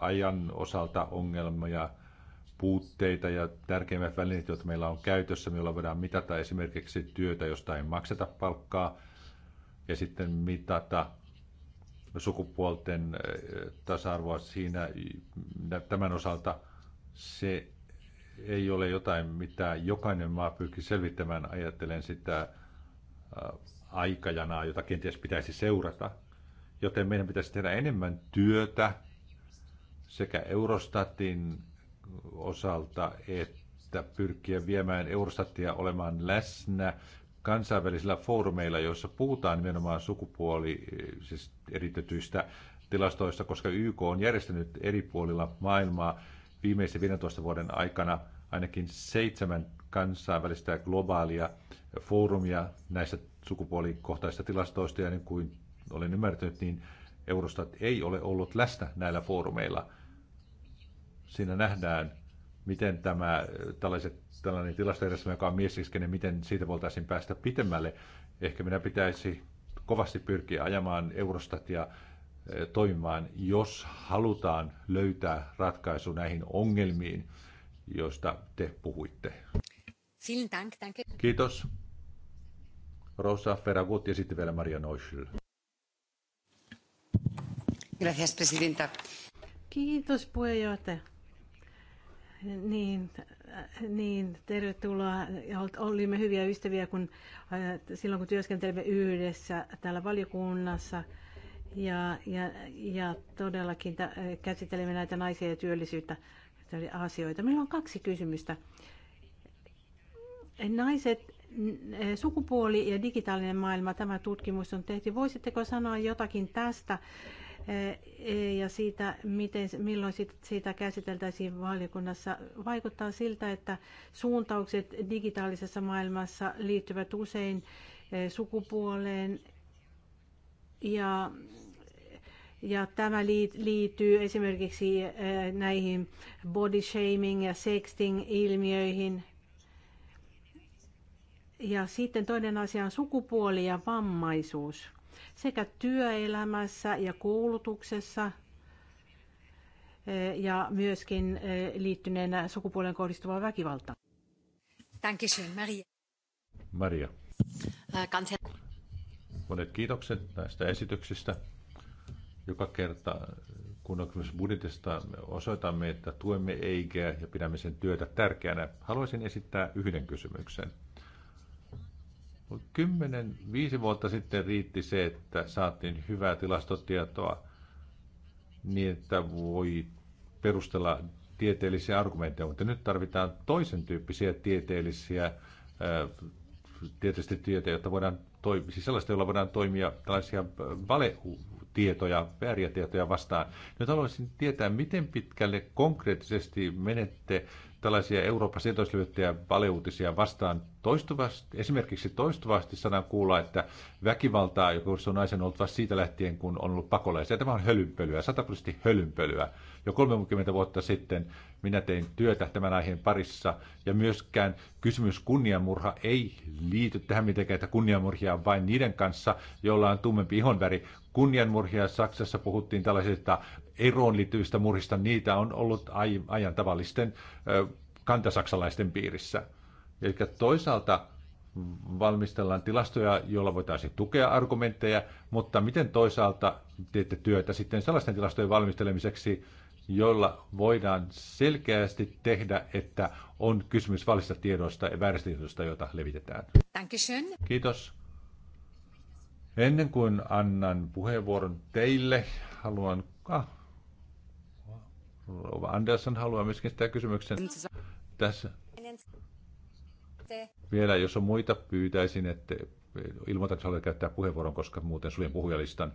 ajan osalta ongelmia puutteita ja tärkeimmät välineet, joita meillä on käytössä, joilla voidaan mitata esimerkiksi työtä, josta ei makseta palkkaa, ja sitten mitata sukupuolten eh, tasa-arvoa siinä tämän osalta. Se ei ole jotain, mitä jokainen maa pyrkii selvittämään, ajattelen sitä eh, aikajanaa, jota kenties pitäisi seurata. Joten meidän pitäisi tehdä enemmän työtä sekä Eurostatin osalta, että pyrkiä viemään Eurostatia olemaan läsnä kansainvälisillä foorumeilla, joissa puhutaan nimenomaan sukupuoli, siis eritetyistä tilastoista, koska YK on järjestänyt eri puolilla maailmaa viimeisen 15 vuoden aikana ainakin seitsemän kansainvälistä ja globaalia foorumia näistä sukupuolikohtaisista tilastoista, ja niin kuin olen ymmärtänyt, niin Eurostat ei ole ollut läsnä näillä foorumeilla – Siinä nähdään, miten tämä tällaiset, tällainen tilastojärjestelmä, joka on mieskeskeinen, niin miten siitä voitaisiin päästä pitemmälle. Ehkä minä pitäisi kovasti pyrkiä ajamaan Eurostatia e, toimimaan, jos halutaan löytää ratkaisu näihin ongelmiin, joista te puhuitte. Kiitos. Rosa Ferragut ja sitten vielä Maria Noischl. Gracias, presidenta. Kiitos puheenjohtaja. Niin, niin, tervetuloa. Olimme hyviä ystäviä kun, äh, silloin, kun työskentelimme yhdessä täällä valiokunnassa. Ja, ja, ja todellakin käsittelimme näitä naisia ja työllisyyttä asioita. Meillä on kaksi kysymystä. Naiset, sukupuoli ja digitaalinen maailma, tämä tutkimus on tehty. Voisitteko sanoa jotakin tästä? ja siitä, miten, milloin siitä käsiteltäisiin valiokunnassa. Vaikuttaa siltä, että suuntaukset digitaalisessa maailmassa liittyvät usein sukupuoleen ja, ja tämä liittyy esimerkiksi näihin body shaming ja sexting ilmiöihin. Ja sitten toinen asia on sukupuoli ja vammaisuus sekä työelämässä ja koulutuksessa eh, ja myöskin eh, liittyneenä sukupuolen kohdistuvaan väkivaltaan. Dankeschön, Maria. Maria. Monet kiitokset näistä esityksistä. Joka kerta, kun on kysymys budjetista, osoitamme, että tuemme eikä ja pidämme sen työtä tärkeänä. Haluaisin esittää yhden kysymyksen. Kymmenen, viisi vuotta sitten riitti se, että saatiin hyvää tilastotietoa niin, että voi perustella tieteellisiä argumentteja, mutta nyt tarvitaan toisen tyyppisiä tieteellisiä tieteellistä tietä, jotta voidaan toimia, siis sellaista, jolla voidaan toimia tällaisia vale tietoja, vääriä tietoja vastaan. Nyt haluaisin tietää, miten pitkälle konkreettisesti menette tällaisia Euroopan sijoituslyöttäjä valeuutisia vastaan toistuvasti, esimerkiksi toistuvasti sanan kuulla, että väkivaltaa, joka on naisen ollut vasta siitä lähtien, kun on ollut pakolaisia. Tämä on hölynpölyä, sataprosenttisesti hölynpölyä. Jo 30 vuotta sitten minä tein työtä tämän aiheen parissa ja myöskään kysymys kunniamurha ei liity tähän mitenkään, että kunniamurhia on vain niiden kanssa, joilla on tummempi ihonväri. Kunnianmurhia Saksassa puhuttiin tällaisista eroon liittyvistä murhista. Niitä on ollut ajan tavallisten kantasaksalaisten piirissä. Eli toisaalta valmistellaan tilastoja, joilla voitaisiin tukea argumentteja, mutta miten toisaalta teette työtä sitten sellaisten tilastojen valmistelemiseksi, jolla voidaan selkeästi tehdä, että on kysymys valista tiedoista ja vääristä tiedoista, joita levitetään. Dankeschön. Kiitos. Ennen kuin annan puheenvuoron teille, haluan... Ah, Rova Andersson haluaa myöskin sitä kysymyksen tässä. Vielä, jos on muita, pyytäisin, että ilmoitan, että haluat käyttää puheenvuoron, koska muuten suljen puhujalistan.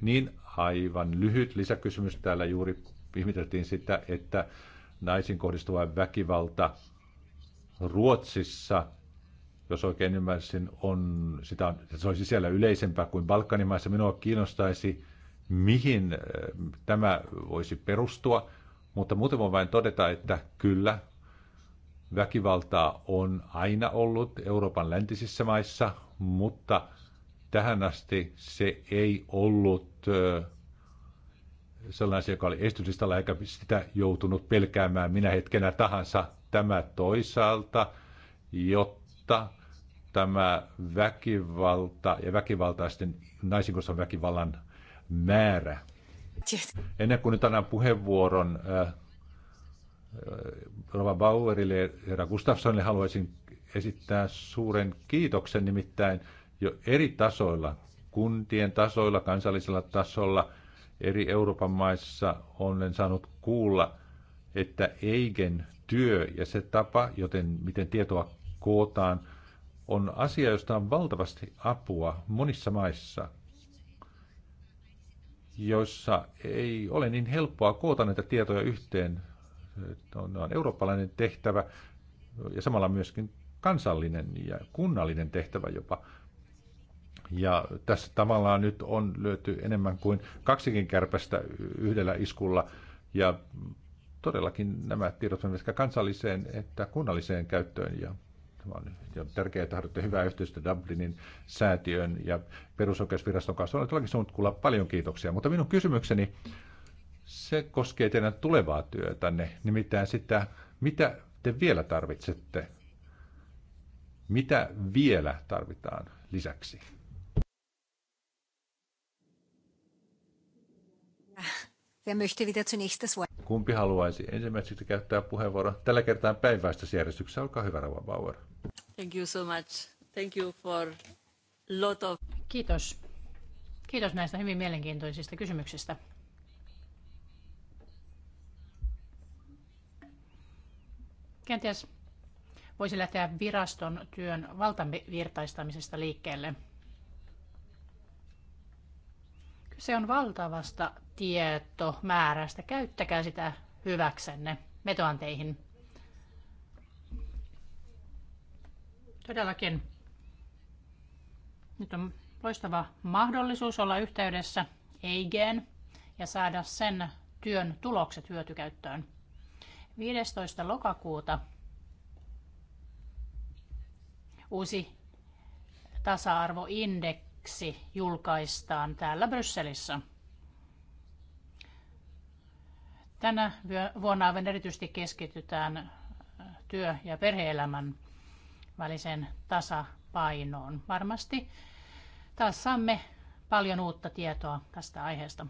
Niin, aivan lyhyt lisäkysymys täällä juuri ihmeteltiin sitä, että naisiin kohdistuva väkivalta Ruotsissa, jos oikein ymmärsin, on, sitä on, se olisi siellä yleisempää kuin Balkanimaissa. Minua kiinnostaisi, mihin äh, tämä voisi perustua, mutta muuten voin vain todeta, että kyllä, väkivaltaa on aina ollut Euroopan läntisissä maissa, mutta tähän asti se ei ollut äh, sellaisia, joka oli estyslistalla eikä sitä joutunut pelkäämään minä hetkenä tahansa. Tämä toisaalta, jotta tämä väkivalta ja väkivaltaisten kanssa väkivallan määrä. Ennen kuin nyt annan puheenvuoron äh, äh, Rova Bauerille ja herra Gustafssonille haluaisin esittää suuren kiitoksen nimittäin jo eri tasoilla, kuntien tasoilla, kansallisella tasolla – eri Euroopan maissa olen saanut kuulla, että Eigen työ ja se tapa, joten miten tietoa kootaan, on asia, josta on valtavasti apua monissa maissa, joissa ei ole niin helppoa koota näitä tietoja yhteen. On, on eurooppalainen tehtävä ja samalla myöskin kansallinen ja kunnallinen tehtävä jopa. Ja tässä tavallaan nyt on löyty enemmän kuin kaksikin kärpästä yhdellä iskulla. Ja todellakin nämä tiedot ovat sekä kansalliseen että kunnalliseen käyttöön. Ja Tämä on, on tärkeää, että harjoitte hyvää yhteistyötä Dublinin säätiön ja perusoikeusviraston kanssa. Olen todellakin sinut kuulla paljon kiitoksia, mutta minun kysymykseni, se koskee teidän tulevaa työtänne, nimittäin sitä, mitä te vielä tarvitsette, mitä vielä tarvitaan lisäksi. Wer möchte wieder zunächst das Wort? Kumpi haluaisi ensimmäiseksi käyttää puheenvuoron? Tällä kertaa päinvastaisessa järjestyksessä. Olkaa hyvä, Rauha Bauer. Thank you so much. Thank you for lot of... Kiitos. Kiitos näistä hyvin mielenkiintoisista kysymyksistä. Kenties voisi lähteä viraston työn valtavirtaistamisesta liikkeelle. Se on valtavasta tietomäärästä. Käyttäkää sitä hyväksenne. Vetoan teihin. Todellakin. Nyt on loistava mahdollisuus olla yhteydessä Eigeen ja saada sen työn tulokset hyötykäyttöön. 15. lokakuuta uusi tasa-arvoindeksi 2 julkaistaan täällä Brysselissä. Tänä vuonna aivan erityisesti keskitytään työ- ja perheelämän välisen tasapainoon. Varmasti taas saamme paljon uutta tietoa tästä aiheesta.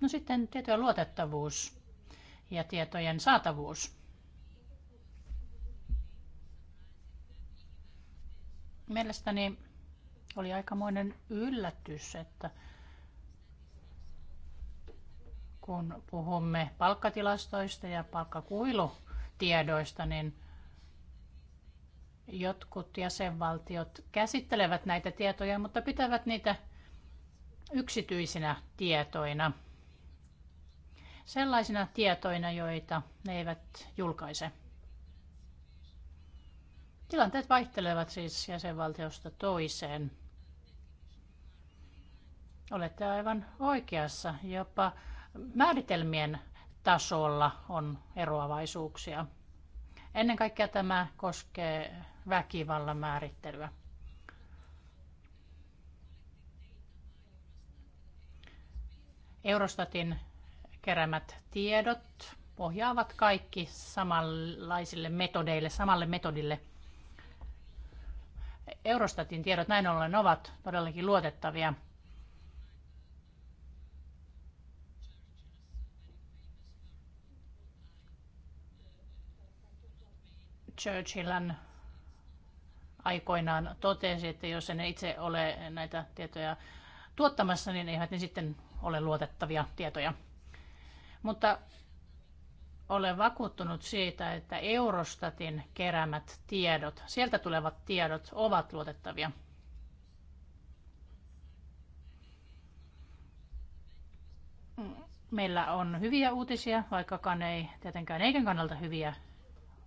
No sitten tieto ja luotettavuus ja tietojen saatavuus. Mielestäni oli aikamoinen yllätys, että kun puhumme palkkatilastoista ja palkkakuilutiedoista, niin jotkut jäsenvaltiot käsittelevät näitä tietoja, mutta pitävät niitä yksityisinä tietoina – sellaisina tietoina, joita ne eivät julkaise. Tilanteet vaihtelevat siis jäsenvaltiosta toiseen. Olette aivan oikeassa. Jopa määritelmien tasolla on eroavaisuuksia. Ennen kaikkea tämä koskee väkivallan määrittelyä. Eurostatin keräämät tiedot pohjaavat kaikki samanlaisille metodeille, samalle metodille. Eurostatin tiedot näin ollen ovat todellakin luotettavia. Churchillän aikoinaan totesi, että jos en itse ole näitä tietoja tuottamassa, niin eivät ne sitten ole luotettavia tietoja. Mutta olen vakuuttunut siitä, että Eurostatin keräämät tiedot, sieltä tulevat tiedot ovat luotettavia. Meillä on hyviä uutisia, vaikkakaan ei tietenkään eikä kannalta hyviä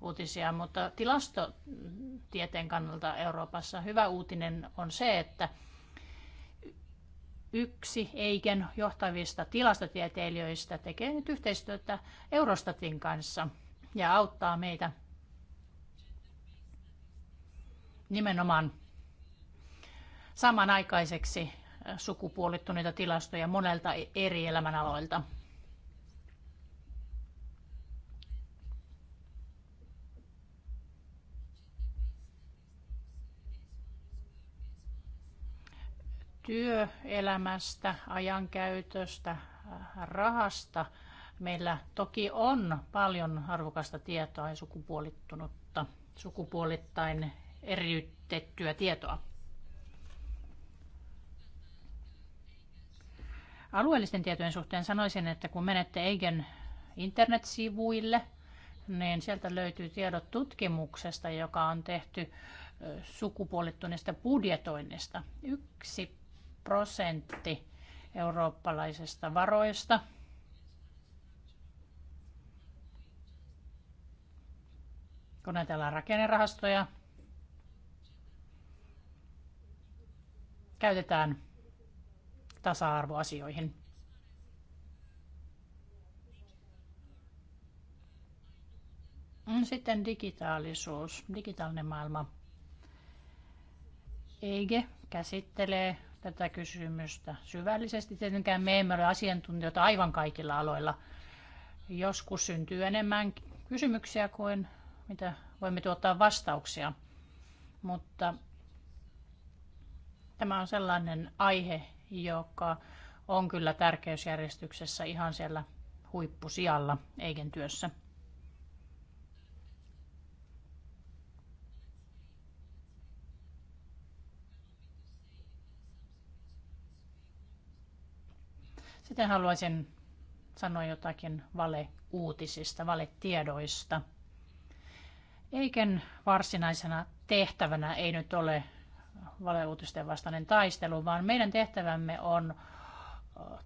uutisia, mutta tilastotieteen kannalta Euroopassa hyvä uutinen on se, että yksi Eiken johtavista tilastotieteilijöistä tekee nyt yhteistyötä Eurostatin kanssa ja auttaa meitä nimenomaan samanaikaiseksi sukupuolittuneita tilastoja monelta eri elämänaloilta. työelämästä, ajankäytöstä, rahasta. Meillä toki on paljon arvokasta tietoa ja sukupuolittunutta, sukupuolittain eriytettyä tietoa. Alueellisten tietojen suhteen sanoisin, että kun menette Eigen internetsivuille, niin sieltä löytyy tiedot tutkimuksesta, joka on tehty sukupuolittuneesta budjetoinnista. Yksi prosentti eurooppalaisesta varoista. Kun ajatellaan rakennerahastoja, käytetään tasa-arvoasioihin. Sitten digitaalisuus, digitaalinen maailma. EIGE käsittelee tätä kysymystä syvällisesti. Tietenkään me emme ole asiantuntijoita aivan kaikilla aloilla. Joskus syntyy enemmän kysymyksiä kuin mitä voimme tuottaa vastauksia. Mutta tämä on sellainen aihe, joka on kyllä tärkeysjärjestyksessä ihan siellä huippusijalla Eiken työssä. Sitten haluaisin sanoa jotakin valeuutisista, valetiedoista. Eiken varsinaisena tehtävänä ei nyt ole valeuutisten vastainen taistelu, vaan meidän tehtävämme on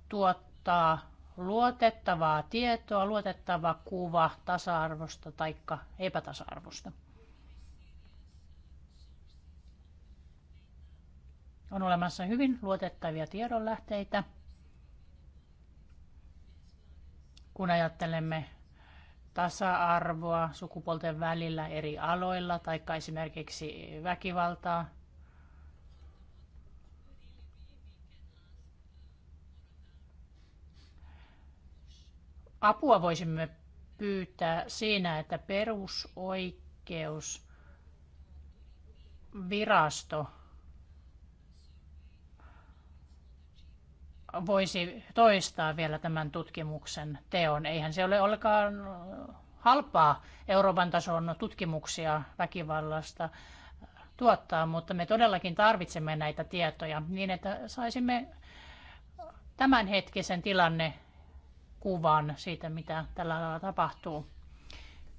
tuottaa luotettavaa tietoa, luotettava kuva tasa-arvosta tai epätasa-arvosta. On olemassa hyvin luotettavia tiedonlähteitä – kun ajattelemme tasa-arvoa sukupuolten välillä eri aloilla, tai esimerkiksi väkivaltaa. Apua voisimme pyytää siinä, että perusoikeus virasto voisi toistaa vielä tämän tutkimuksen teon. Eihän se ole ollenkaan halpaa Euroopan tason tutkimuksia väkivallasta tuottaa, mutta me todellakin tarvitsemme näitä tietoja niin, että saisimme tämänhetkisen tilanne kuvan siitä, mitä tällä alalla tapahtuu.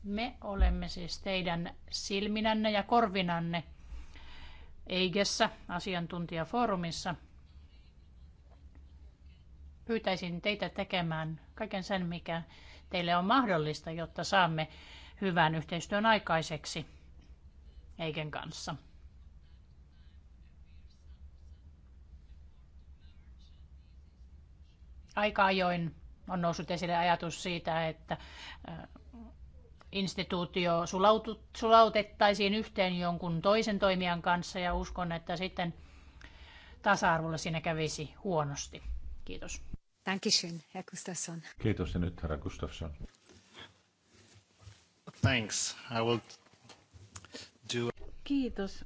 Me olemme siis teidän silminänne ja korvinanne Eigessä asiantuntijafoorumissa pyytäisin teitä tekemään kaiken sen, mikä teille on mahdollista, jotta saamme hyvän yhteistyön aikaiseksi Eiken kanssa. Aika ajoin on noussut esille ajatus siitä, että äh, instituutio sulautettaisiin yhteen jonkun toisen toimijan kanssa ja uskon, että sitten tasa arvolla siinä kävisi huonosti. Kiitos. Dankeschön, Herr Gustafsson. Kiitos ja nyt herra Gustafsson. Thanks. I will do... Kiitos.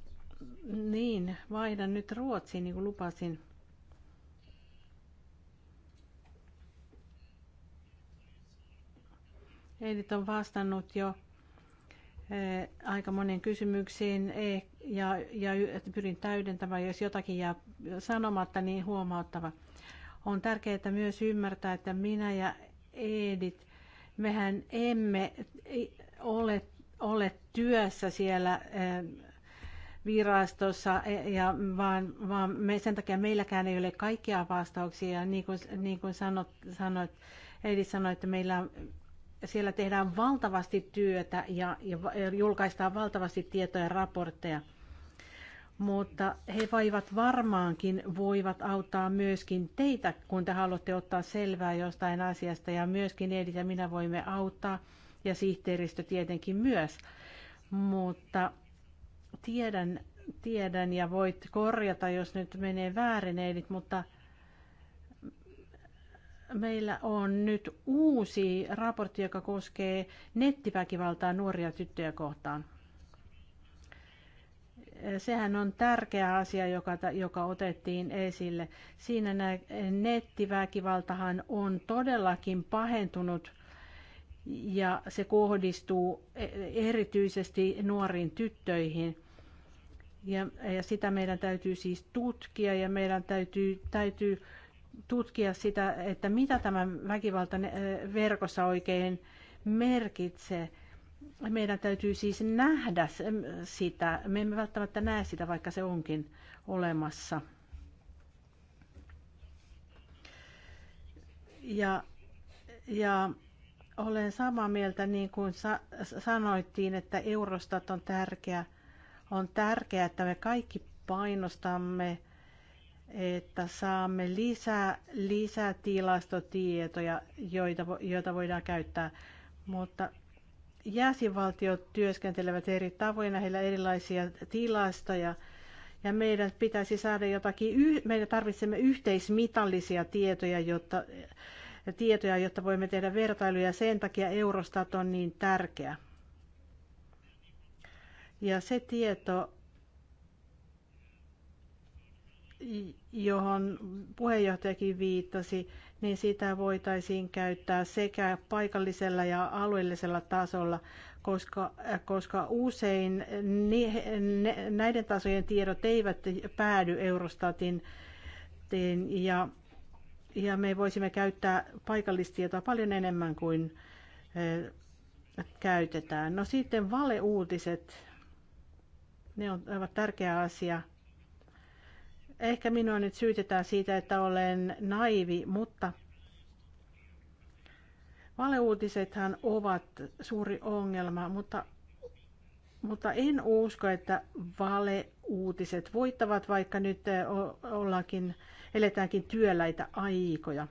Niin, vaihdan nyt ruotsiin, niin kuin lupasin. Edith on vastannut jo eh, aika monen kysymyksiin e, ja, ja pyrin täydentämään, jos jotakin jää sanomatta, niin huomauttava. On tärkeää myös ymmärtää, että minä ja Edith, mehän emme ole, ole työssä siellä eh, virastossa, e, ja vaan, vaan me, sen takia meilläkään ei ole kaikkia vastauksia. Niin kuin, niin kuin sanot, sanot, Edith sanoi, että meillä siellä tehdään valtavasti työtä ja, ja julkaistaan valtavasti tietoja ja raportteja mutta he voivat varmaankin voivat auttaa myöskin teitä, kun te haluatte ottaa selvää jostain asiasta ja myöskin Edi ja minä voimme auttaa ja sihteeristö tietenkin myös. Mutta tiedän, tiedän ja voit korjata, jos nyt menee väärin Edith, mutta meillä on nyt uusi raportti, joka koskee nettiväkivaltaa nuoria tyttöjä kohtaan sehän on tärkeä asia, joka, joka otettiin esille. Siinä nä, nettiväkivaltahan on todellakin pahentunut ja se kohdistuu e-, erityisesti nuoriin tyttöihin. Ja, ja sitä meidän täytyy siis tutkia ja meidän täytyy, täytyy tutkia sitä, että mitä tämä väkivalta verkossa oikein merkitsee meidän täytyy siis nähdä sitä. Me emme välttämättä näe sitä, vaikka se onkin olemassa. Ja, ja olen samaa mieltä, niin kuin sa- sanoittiin, että Eurostat on tärkeä. On tärkeää, että me kaikki painostamme, että saamme lisää, lisää tilastotietoja, joita, joita voidaan käyttää. Mutta jäsenvaltiot työskentelevät eri tavoin, heillä erilaisia tilastoja, ja meidän pitäisi saada jotakin, meidän tarvitsemme yhteismitallisia tietoja, jotta, tietoja, jotta voimme tehdä vertailuja. Sen takia Eurostat on niin tärkeä. Ja se tieto, johon puheenjohtajakin viittasi, niin sitä voitaisiin käyttää sekä paikallisella ja alueellisella tasolla, koska, koska usein näiden tasojen tiedot eivät päädy Eurostatin ja, ja me voisimme käyttää paikallistietoa paljon enemmän kuin e, käytetään. No sitten valeuutiset, ne on, ovat tärkeä asia. Ehkä minua nyt syytetään siitä, että olen naivi, mutta valeuutisethan ovat suuri ongelma, mutta, mutta en usko, että valeuutiset voittavat, vaikka nyt ollaankin, eletäänkin työläitä aikoja.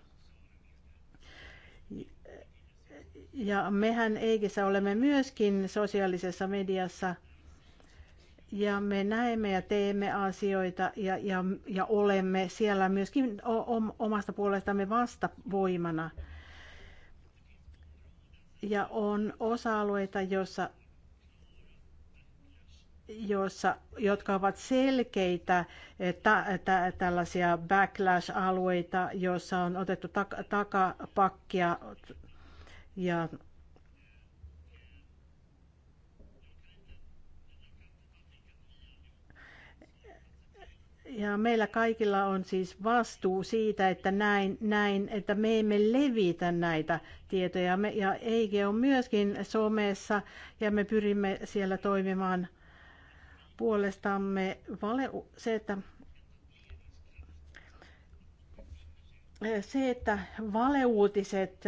Ja mehän Eikissä olemme myöskin sosiaalisessa mediassa – ja me näemme ja teemme asioita ja, ja, ja olemme siellä myöskin omasta puolestamme vastavoimana. Ja on osa-alueita, joissa jossa, jotka ovat selkeitä tä, tä, tällaisia backlash-alueita, joissa on otettu tak, takapakkia ja Ja meillä kaikilla on siis vastuu siitä, että näin, näin että me emme levitä näitä tietoja. Me, ja EIG on myöskin somessa ja me pyrimme siellä toimimaan puolestamme. Vale, se, että se, että valeuutiset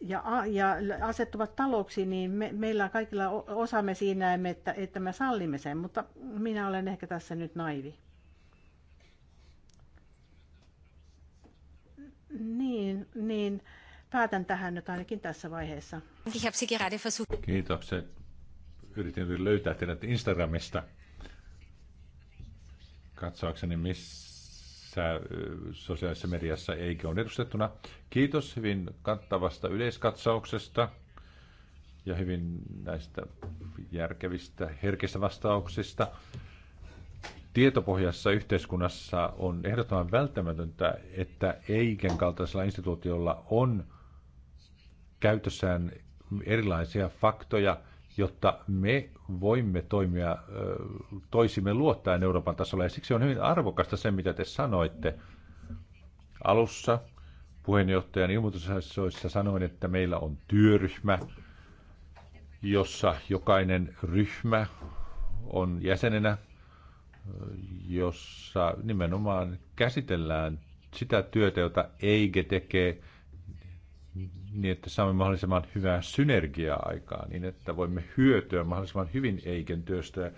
ja, ja asettuvat talouksiin, niin me, meillä kaikilla osaamme siinä, että, että me sallimme sen, mutta minä olen ehkä tässä nyt naivi. Niin, niin. Päätän tähän nyt ainakin tässä vaiheessa. Kiitokset. Yritin löytää teidät Instagramista. Katsoakseni, missä tässä sosiaalisessa mediassa eikä on edustettuna. Kiitos hyvin kattavasta yleiskatsauksesta ja hyvin näistä järkevistä, herkistä vastauksista. Tietopohjassa yhteiskunnassa on ehdottoman välttämätöntä, että Eiken kaltaisella instituutiolla on käytössään erilaisia faktoja – jotta me voimme toimia toisimme luottaen Euroopan tasolla. Ja siksi on hyvin arvokasta se, mitä te sanoitte alussa. Puheenjohtajan ilmoitusasioissa sanoin, että meillä on työryhmä, jossa jokainen ryhmä on jäsenenä, jossa nimenomaan käsitellään sitä työtä, jota EIGE tekee niin, että saamme mahdollisimman hyvää synergiaa aikaan, niin että voimme hyötyä mahdollisimman hyvin Eiken työstä.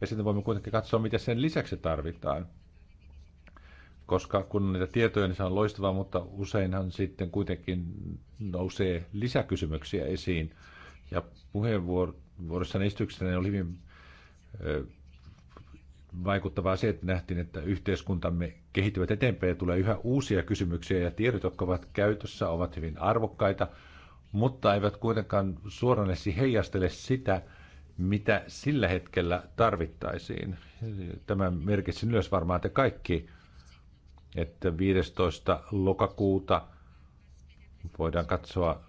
Ja sitten voimme kuitenkin katsoa, mitä sen lisäksi tarvitaan. Koska kun on niitä tietoja, niin se on loistavaa, mutta useinhan sitten kuitenkin nousee lisäkysymyksiä esiin. Ja puheenvuorossani esityksessäni oli hyvin vaikuttavaa se, että nähtiin, että yhteiskuntamme kehittyvät eteenpäin ja tulee yhä uusia kysymyksiä ja tiedot, jotka ovat käytössä, ovat hyvin arvokkaita, mutta eivät kuitenkaan suoranaisesti heijastele sitä, mitä sillä hetkellä tarvittaisiin. Tämä merkitsi myös varmaan te kaikki, että 15. lokakuuta voidaan katsoa,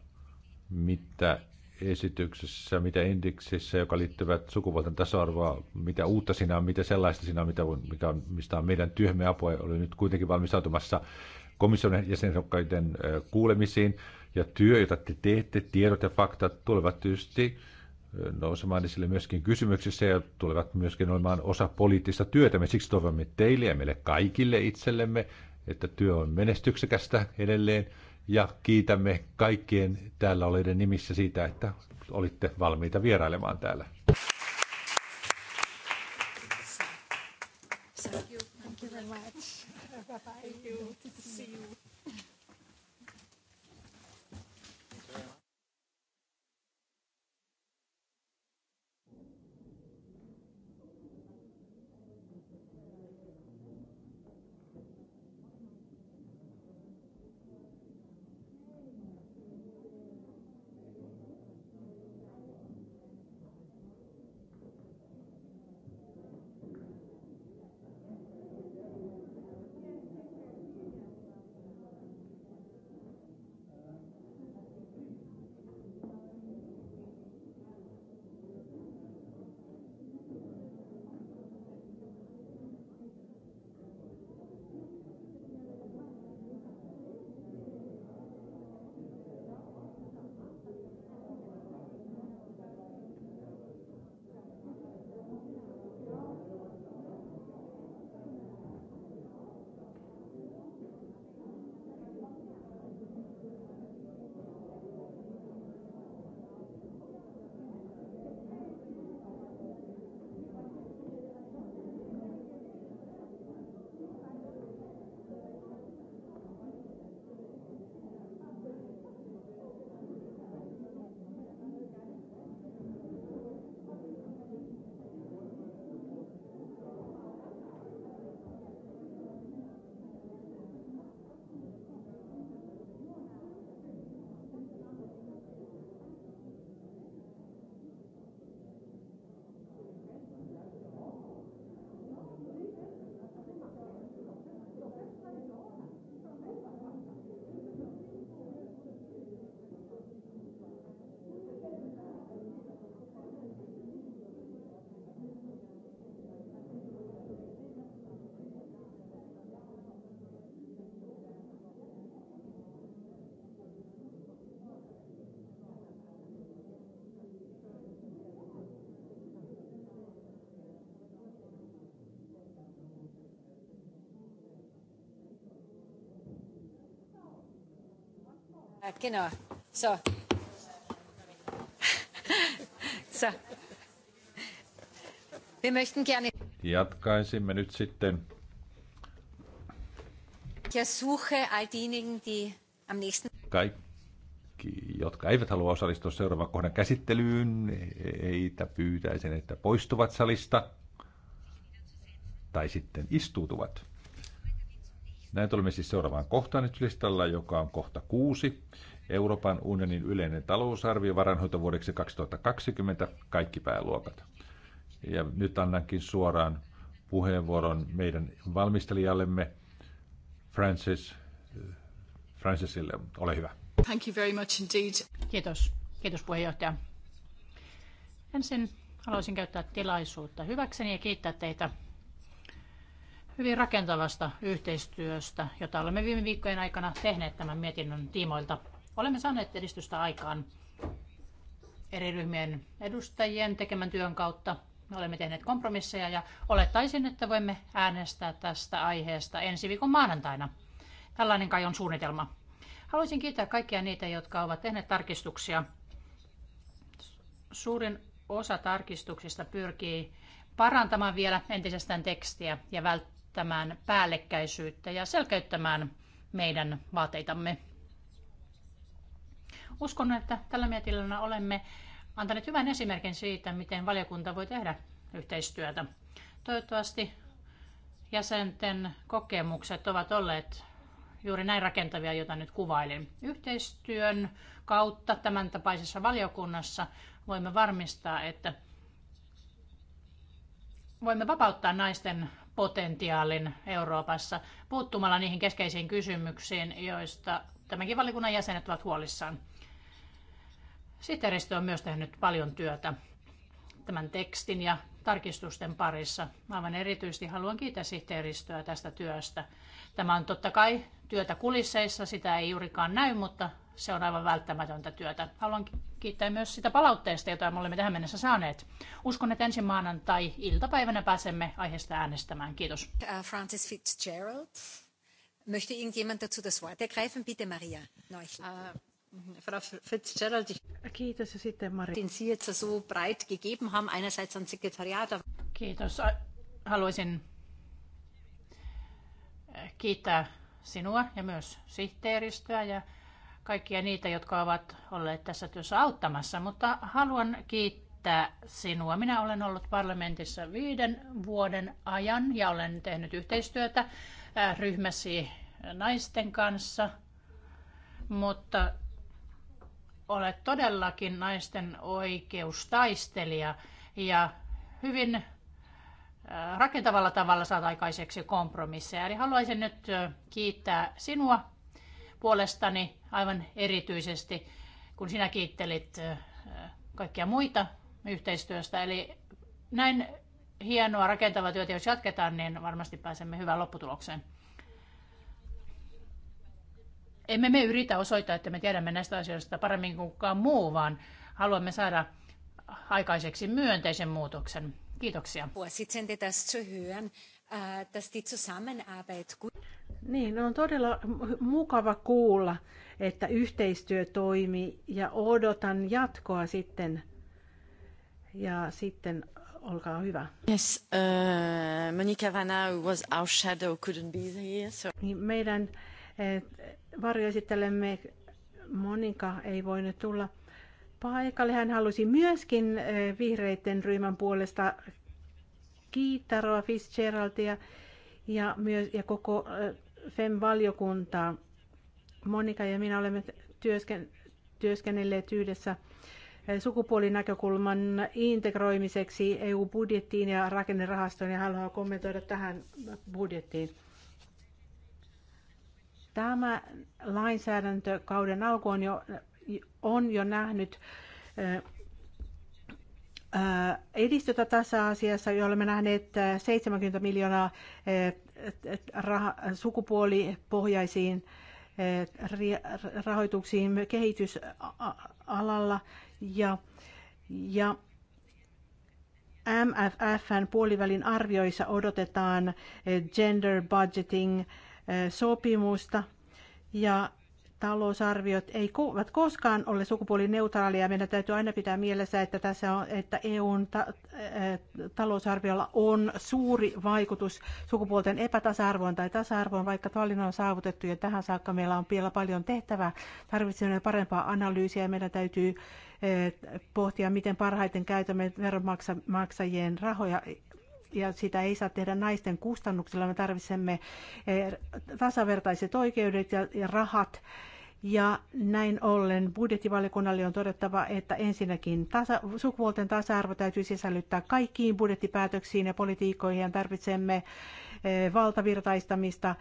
mitä esityksessä, mitä indeksissä, joka liittyvät sukupuolten tasa-arvoa, mitä uutta sinä, on, mitä sellaista sinä on, mitä, mikä on, mistä on meidän työhme apua, oli nyt kuitenkin valmistautumassa komission jäsenokkaiden kuulemisiin. Ja työ, jota te teette, tiedot ja faktat tulevat tietysti nousemaan esille myöskin kysymyksissä ja tulevat myöskin olemaan osa poliittista työtä. Me siksi toivomme teille ja meille kaikille itsellemme, että työ on menestyksekästä edelleen – ja kiitämme kaikkien täällä olleiden nimissä siitä, että olitte valmiita vierailemaan täällä. Äh, genau. So. so. Wir möchten gerne... Jatkaisimme nyt sitten. Ich ersuche all diejenigen, die am nächsten... Kaikki, jotka eivät halua osallistua seuraavan kohdan käsittelyyn, heitä pyytäisin, että poistuvat salista tai sitten istuutuvat. Näin tulemme siis seuraavaan kohtaan nyt listalla, joka on kohta kuusi. Euroopan unionin yleinen talousarvio vuodeksi 2020, kaikki pääluokat. Ja nyt annankin suoraan puheenvuoron meidän valmistelijallemme Francis, Francisille. Ole hyvä. Thank you very much indeed. Kiitos. Kiitos puheenjohtaja. Ensin haluaisin käyttää tilaisuutta hyväkseni ja kiittää teitä hyvin rakentavasta yhteistyöstä, jota olemme viime viikkojen aikana tehneet tämän mietinnön tiimoilta. Olemme saaneet edistystä aikaan eri ryhmien edustajien tekemän työn kautta. Me olemme tehneet kompromisseja ja olettaisin, että voimme äänestää tästä aiheesta ensi viikon maanantaina. Tällainen kai on suunnitelma. Haluaisin kiittää kaikkia niitä, jotka ovat tehneet tarkistuksia. Suurin osa tarkistuksista pyrkii parantamaan vielä entisestään tekstiä ja vält- tämän päällekkäisyyttä ja selkeyttämään meidän vaateitamme. Uskon, että tällä mietillä olemme antaneet hyvän esimerkin siitä, miten valiokunta voi tehdä yhteistyötä. Toivottavasti jäsenten kokemukset ovat olleet juuri näin rakentavia, joita nyt kuvailin. Yhteistyön kautta tämän tapaisessa valiokunnassa voimme varmistaa, että voimme vapauttaa naisten potentiaalin Euroopassa puuttumalla niihin keskeisiin kysymyksiin, joista tämänkin valikunnan jäsenet ovat huolissaan. Sihteeristö on myös tehnyt paljon työtä tämän tekstin ja tarkistusten parissa. Aivan erityisesti haluan kiittää sihteeristöä tästä työstä. Tämä on totta kai työtä kulisseissa, sitä ei juurikaan näy, mutta se on aivan välttämätöntä työtä. Haluan kiittää myös sitä palautteesta, jota me olemme tähän mennessä saaneet. Uskon, että ensi maanantai-iltapäivänä pääsemme aiheesta äänestämään. Kiitos. Uh, Francis Fitzgerald. Möchte irgendjemand dazu das Wort ergreifen? Bitte, Maria. Neuchel. Uh, Frau Fitzgerald, Kiitos ja sitten Maria. Den Sie jetzt so breit gegeben haben, einerseits an Sekretariat. Kiitos. Haluaisin äh, kiittää sinua ja myös sihteeristöä ja kaikkia niitä, jotka ovat olleet tässä työssä auttamassa, mutta haluan kiittää sinua. Minä olen ollut parlamentissa viiden vuoden ajan ja olen tehnyt yhteistyötä äh, ryhmäsi naisten kanssa, mutta olet todellakin naisten oikeustaistelija ja hyvin äh, rakentavalla tavalla saat aikaiseksi kompromisseja. Eli haluaisin nyt äh, kiittää sinua puolestani aivan erityisesti, kun sinä kiittelit kaikkia muita yhteistyöstä. Eli näin hienoa rakentavaa työtä, jos jatketaan, niin varmasti pääsemme hyvään lopputulokseen. Emme me yritä osoittaa, että me tiedämme näistä asioista paremmin kuin kukaan muu, vaan haluamme saada aikaiseksi myönteisen muutoksen. Kiitoksia. Sitten Äh, dass die Zusammenarbeit gut niin, on todella mukava kuulla, että yhteistyö toimi ja odotan jatkoa sitten. Ja sitten olkaa hyvä. Yes, uh, Monika who was our shadow, couldn't be here. So. Niin, meidän eh, varjoesittelemme Monika ei voinut tulla paikalle. Hän halusi myöskin eh, vihreiden ryhmän puolesta kiittää Roa Fitzgeraldia ja, myös, ja koko FEM-valiokuntaa. Monika ja minä olemme työsken, työskennelleet yhdessä sukupuolinäkökulman integroimiseksi EU-budjettiin ja rakennerahastoon ja haluan kommentoida tähän budjettiin. Tämä lainsäädäntökauden alku on jo, on jo nähnyt edistytä tässä asiassa, jolla olemme nähneet 70 miljoonaa sukupuolipohjaisiin rahoituksiin kehitysalalla ja, ja MFFn puolivälin arvioissa odotetaan gender budgeting sopimusta ja talousarviot eivät koskaan ole sukupuolineutraalia. Meidän täytyy aina pitää mielessä, että, tässä on, että EUn ta- eh, talousarviolla on suuri vaikutus sukupuolten epätasa-arvoon tai tasa-arvoon, vaikka paljon on saavutettu ja tähän saakka meillä on vielä paljon tehtävää. Tarvitsemme parempaa analyysiä ja meidän täytyy eh, pohtia, miten parhaiten käytämme veronmaksajien rahoja ja sitä ei saa tehdä naisten kustannuksella. Me tarvitsemme eh, tasavertaiset oikeudet ja, ja rahat. Ja näin ollen budjettivaliokunnalle on todettava, että ensinnäkin tasa, sukupuolten tasa-arvo täytyy sisällyttää kaikkiin budjettipäätöksiin ja politiikoihin. Ja tarvitsemme valtavirtaistamista,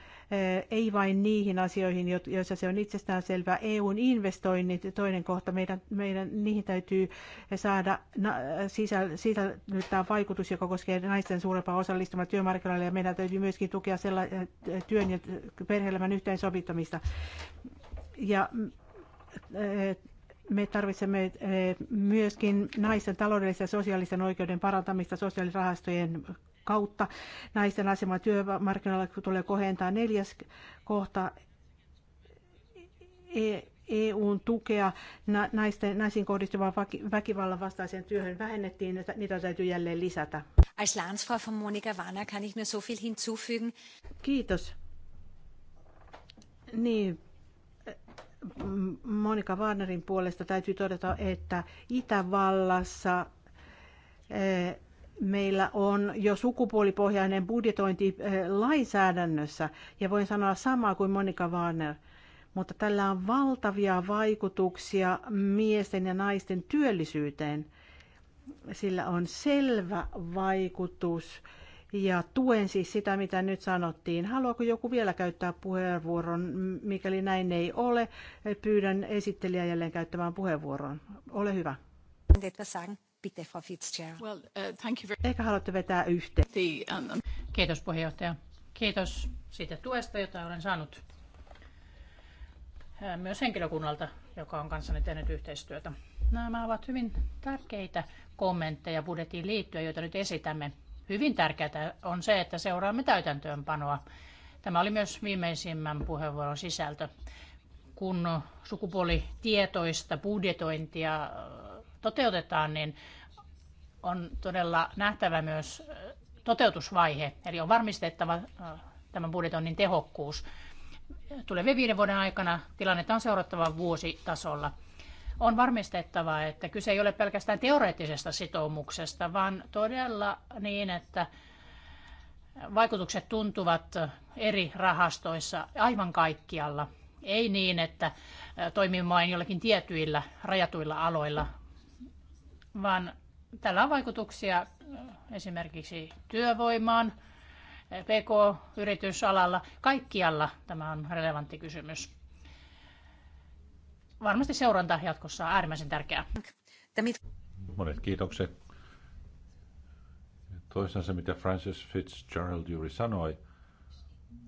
ei vain niihin asioihin, joissa se on itsestään selvää. EUn investoinnit, toinen kohta, meidän, meidän, niihin täytyy saada sisällyttää vaikutus, joka koskee naisten suurempaa osallistumista työmarkkinoille, ja meidän täytyy myöskin tukea sellaisen työn ja perheelämän yhteensovittamista. Ja me tarvitsemme myöskin naisten taloudellisen ja sosiaalisen oikeuden parantamista sosiaalirahastojen kautta naisten asema työmarkkinoilla tulee kohentaa. Neljäs kohta EUn e tukea naisten, naisiin kohdistuvan väkivallan vastaiseen työhön vähennettiin, että niitä täytyy jälleen lisätä. Als Landsfrau von Monika Warner kann ich nur so viel hinzufügen. Kiitos. Niin, äh, Monika Warnerin puolesta täytyy todeta, että Itävallassa äh, meillä on jo sukupuolipohjainen budjetointi eh, lainsäädännössä, ja voin sanoa samaa kuin Monika Warner, mutta tällä on valtavia vaikutuksia miesten ja naisten työllisyyteen. Sillä on selvä vaikutus ja tuen siis sitä, mitä nyt sanottiin. Haluaako joku vielä käyttää puheenvuoron? Mikäli näin ei ole, pyydän esittelijä jälleen käyttämään puheenvuoron. Ole hyvä. Eikä Frau Fitzgerald. Well, uh, thank you very... Ehkä haluatte vetää yhteen. The, um, um, Kiitos puheenjohtaja. Kiitos siitä tuesta, jota olen saanut myös henkilökunnalta, joka on kanssani tehnyt yhteistyötä. Nämä ovat hyvin tärkeitä kommentteja budjettiin liittyen, joita nyt esitämme. Hyvin tärkeää on se, että seuraamme täytäntöönpanoa. Tämä oli myös viimeisimmän puheenvuoron sisältö. Kun sukupuolitietoista budjetointia toteutetaan, niin on todella nähtävä myös toteutusvaihe, eli on varmistettava tämän budjetoinnin tehokkuus. Tulevien viiden vuoden aikana tilannetta on seurattava vuositasolla. On varmistettava, että kyse ei ole pelkästään teoreettisesta sitoumuksesta, vaan todella niin, että vaikutukset tuntuvat eri rahastoissa aivan kaikkialla. Ei niin, että toimimme vain jollakin tietyillä rajatuilla aloilla, vaan tällä on vaikutuksia äh, esimerkiksi työvoimaan, äh, PK-yritysalalla, kaikkialla tämä on relevantti kysymys. Varmasti seuranta jatkossa on äärimmäisen tärkeää. Monet kiitokset. Toisaalta se, mitä Francis Fitzgerald juuri sanoi,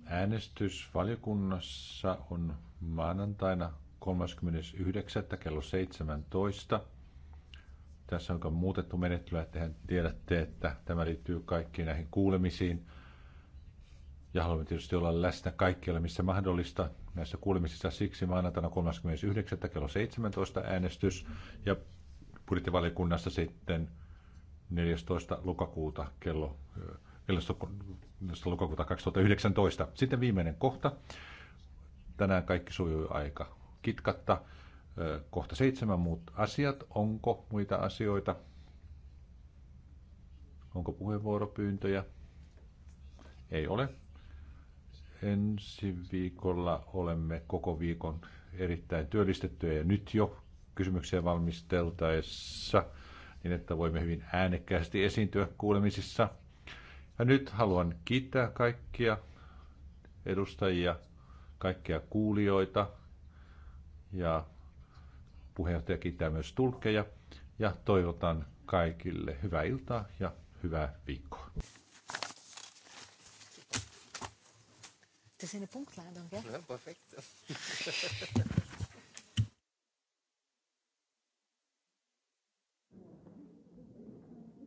äänestysvaliokunnassa on maanantaina 39. kello 17. Tässä on muutettu menettelyä, että tiedätte, että tämä liittyy kaikkiin näihin kuulemisiin. Ja haluamme tietysti olla läsnä kaikkialla, missä mahdollista. Näissä kuulemisissa siksi maanantaina 39. kello 17 äänestys ja budjettivaliokunnassa sitten 14. lokakuuta kello 14. lokakuuta 2019. Sitten viimeinen kohta. Tänään kaikki sujuu aika kitkatta. Kohta seitsemän muut asiat. Onko muita asioita? Onko puheenvuoropyyntöjä? Ei ole. Ensi viikolla olemme koko viikon erittäin työllistettyjä ja nyt jo kysymyksiä valmisteltaessa, niin että voimme hyvin äänekkäästi esiintyä kuulemisissa. Ja nyt haluan kiittää kaikkia edustajia, kaikkia kuulijoita ja Puheenjohtaja kiittää myös tulkkeja ja toivotan kaikille hyvää iltaa ja hyvää viikkoa. Das ist eine Punktlandung, gell? Ja, perfekt.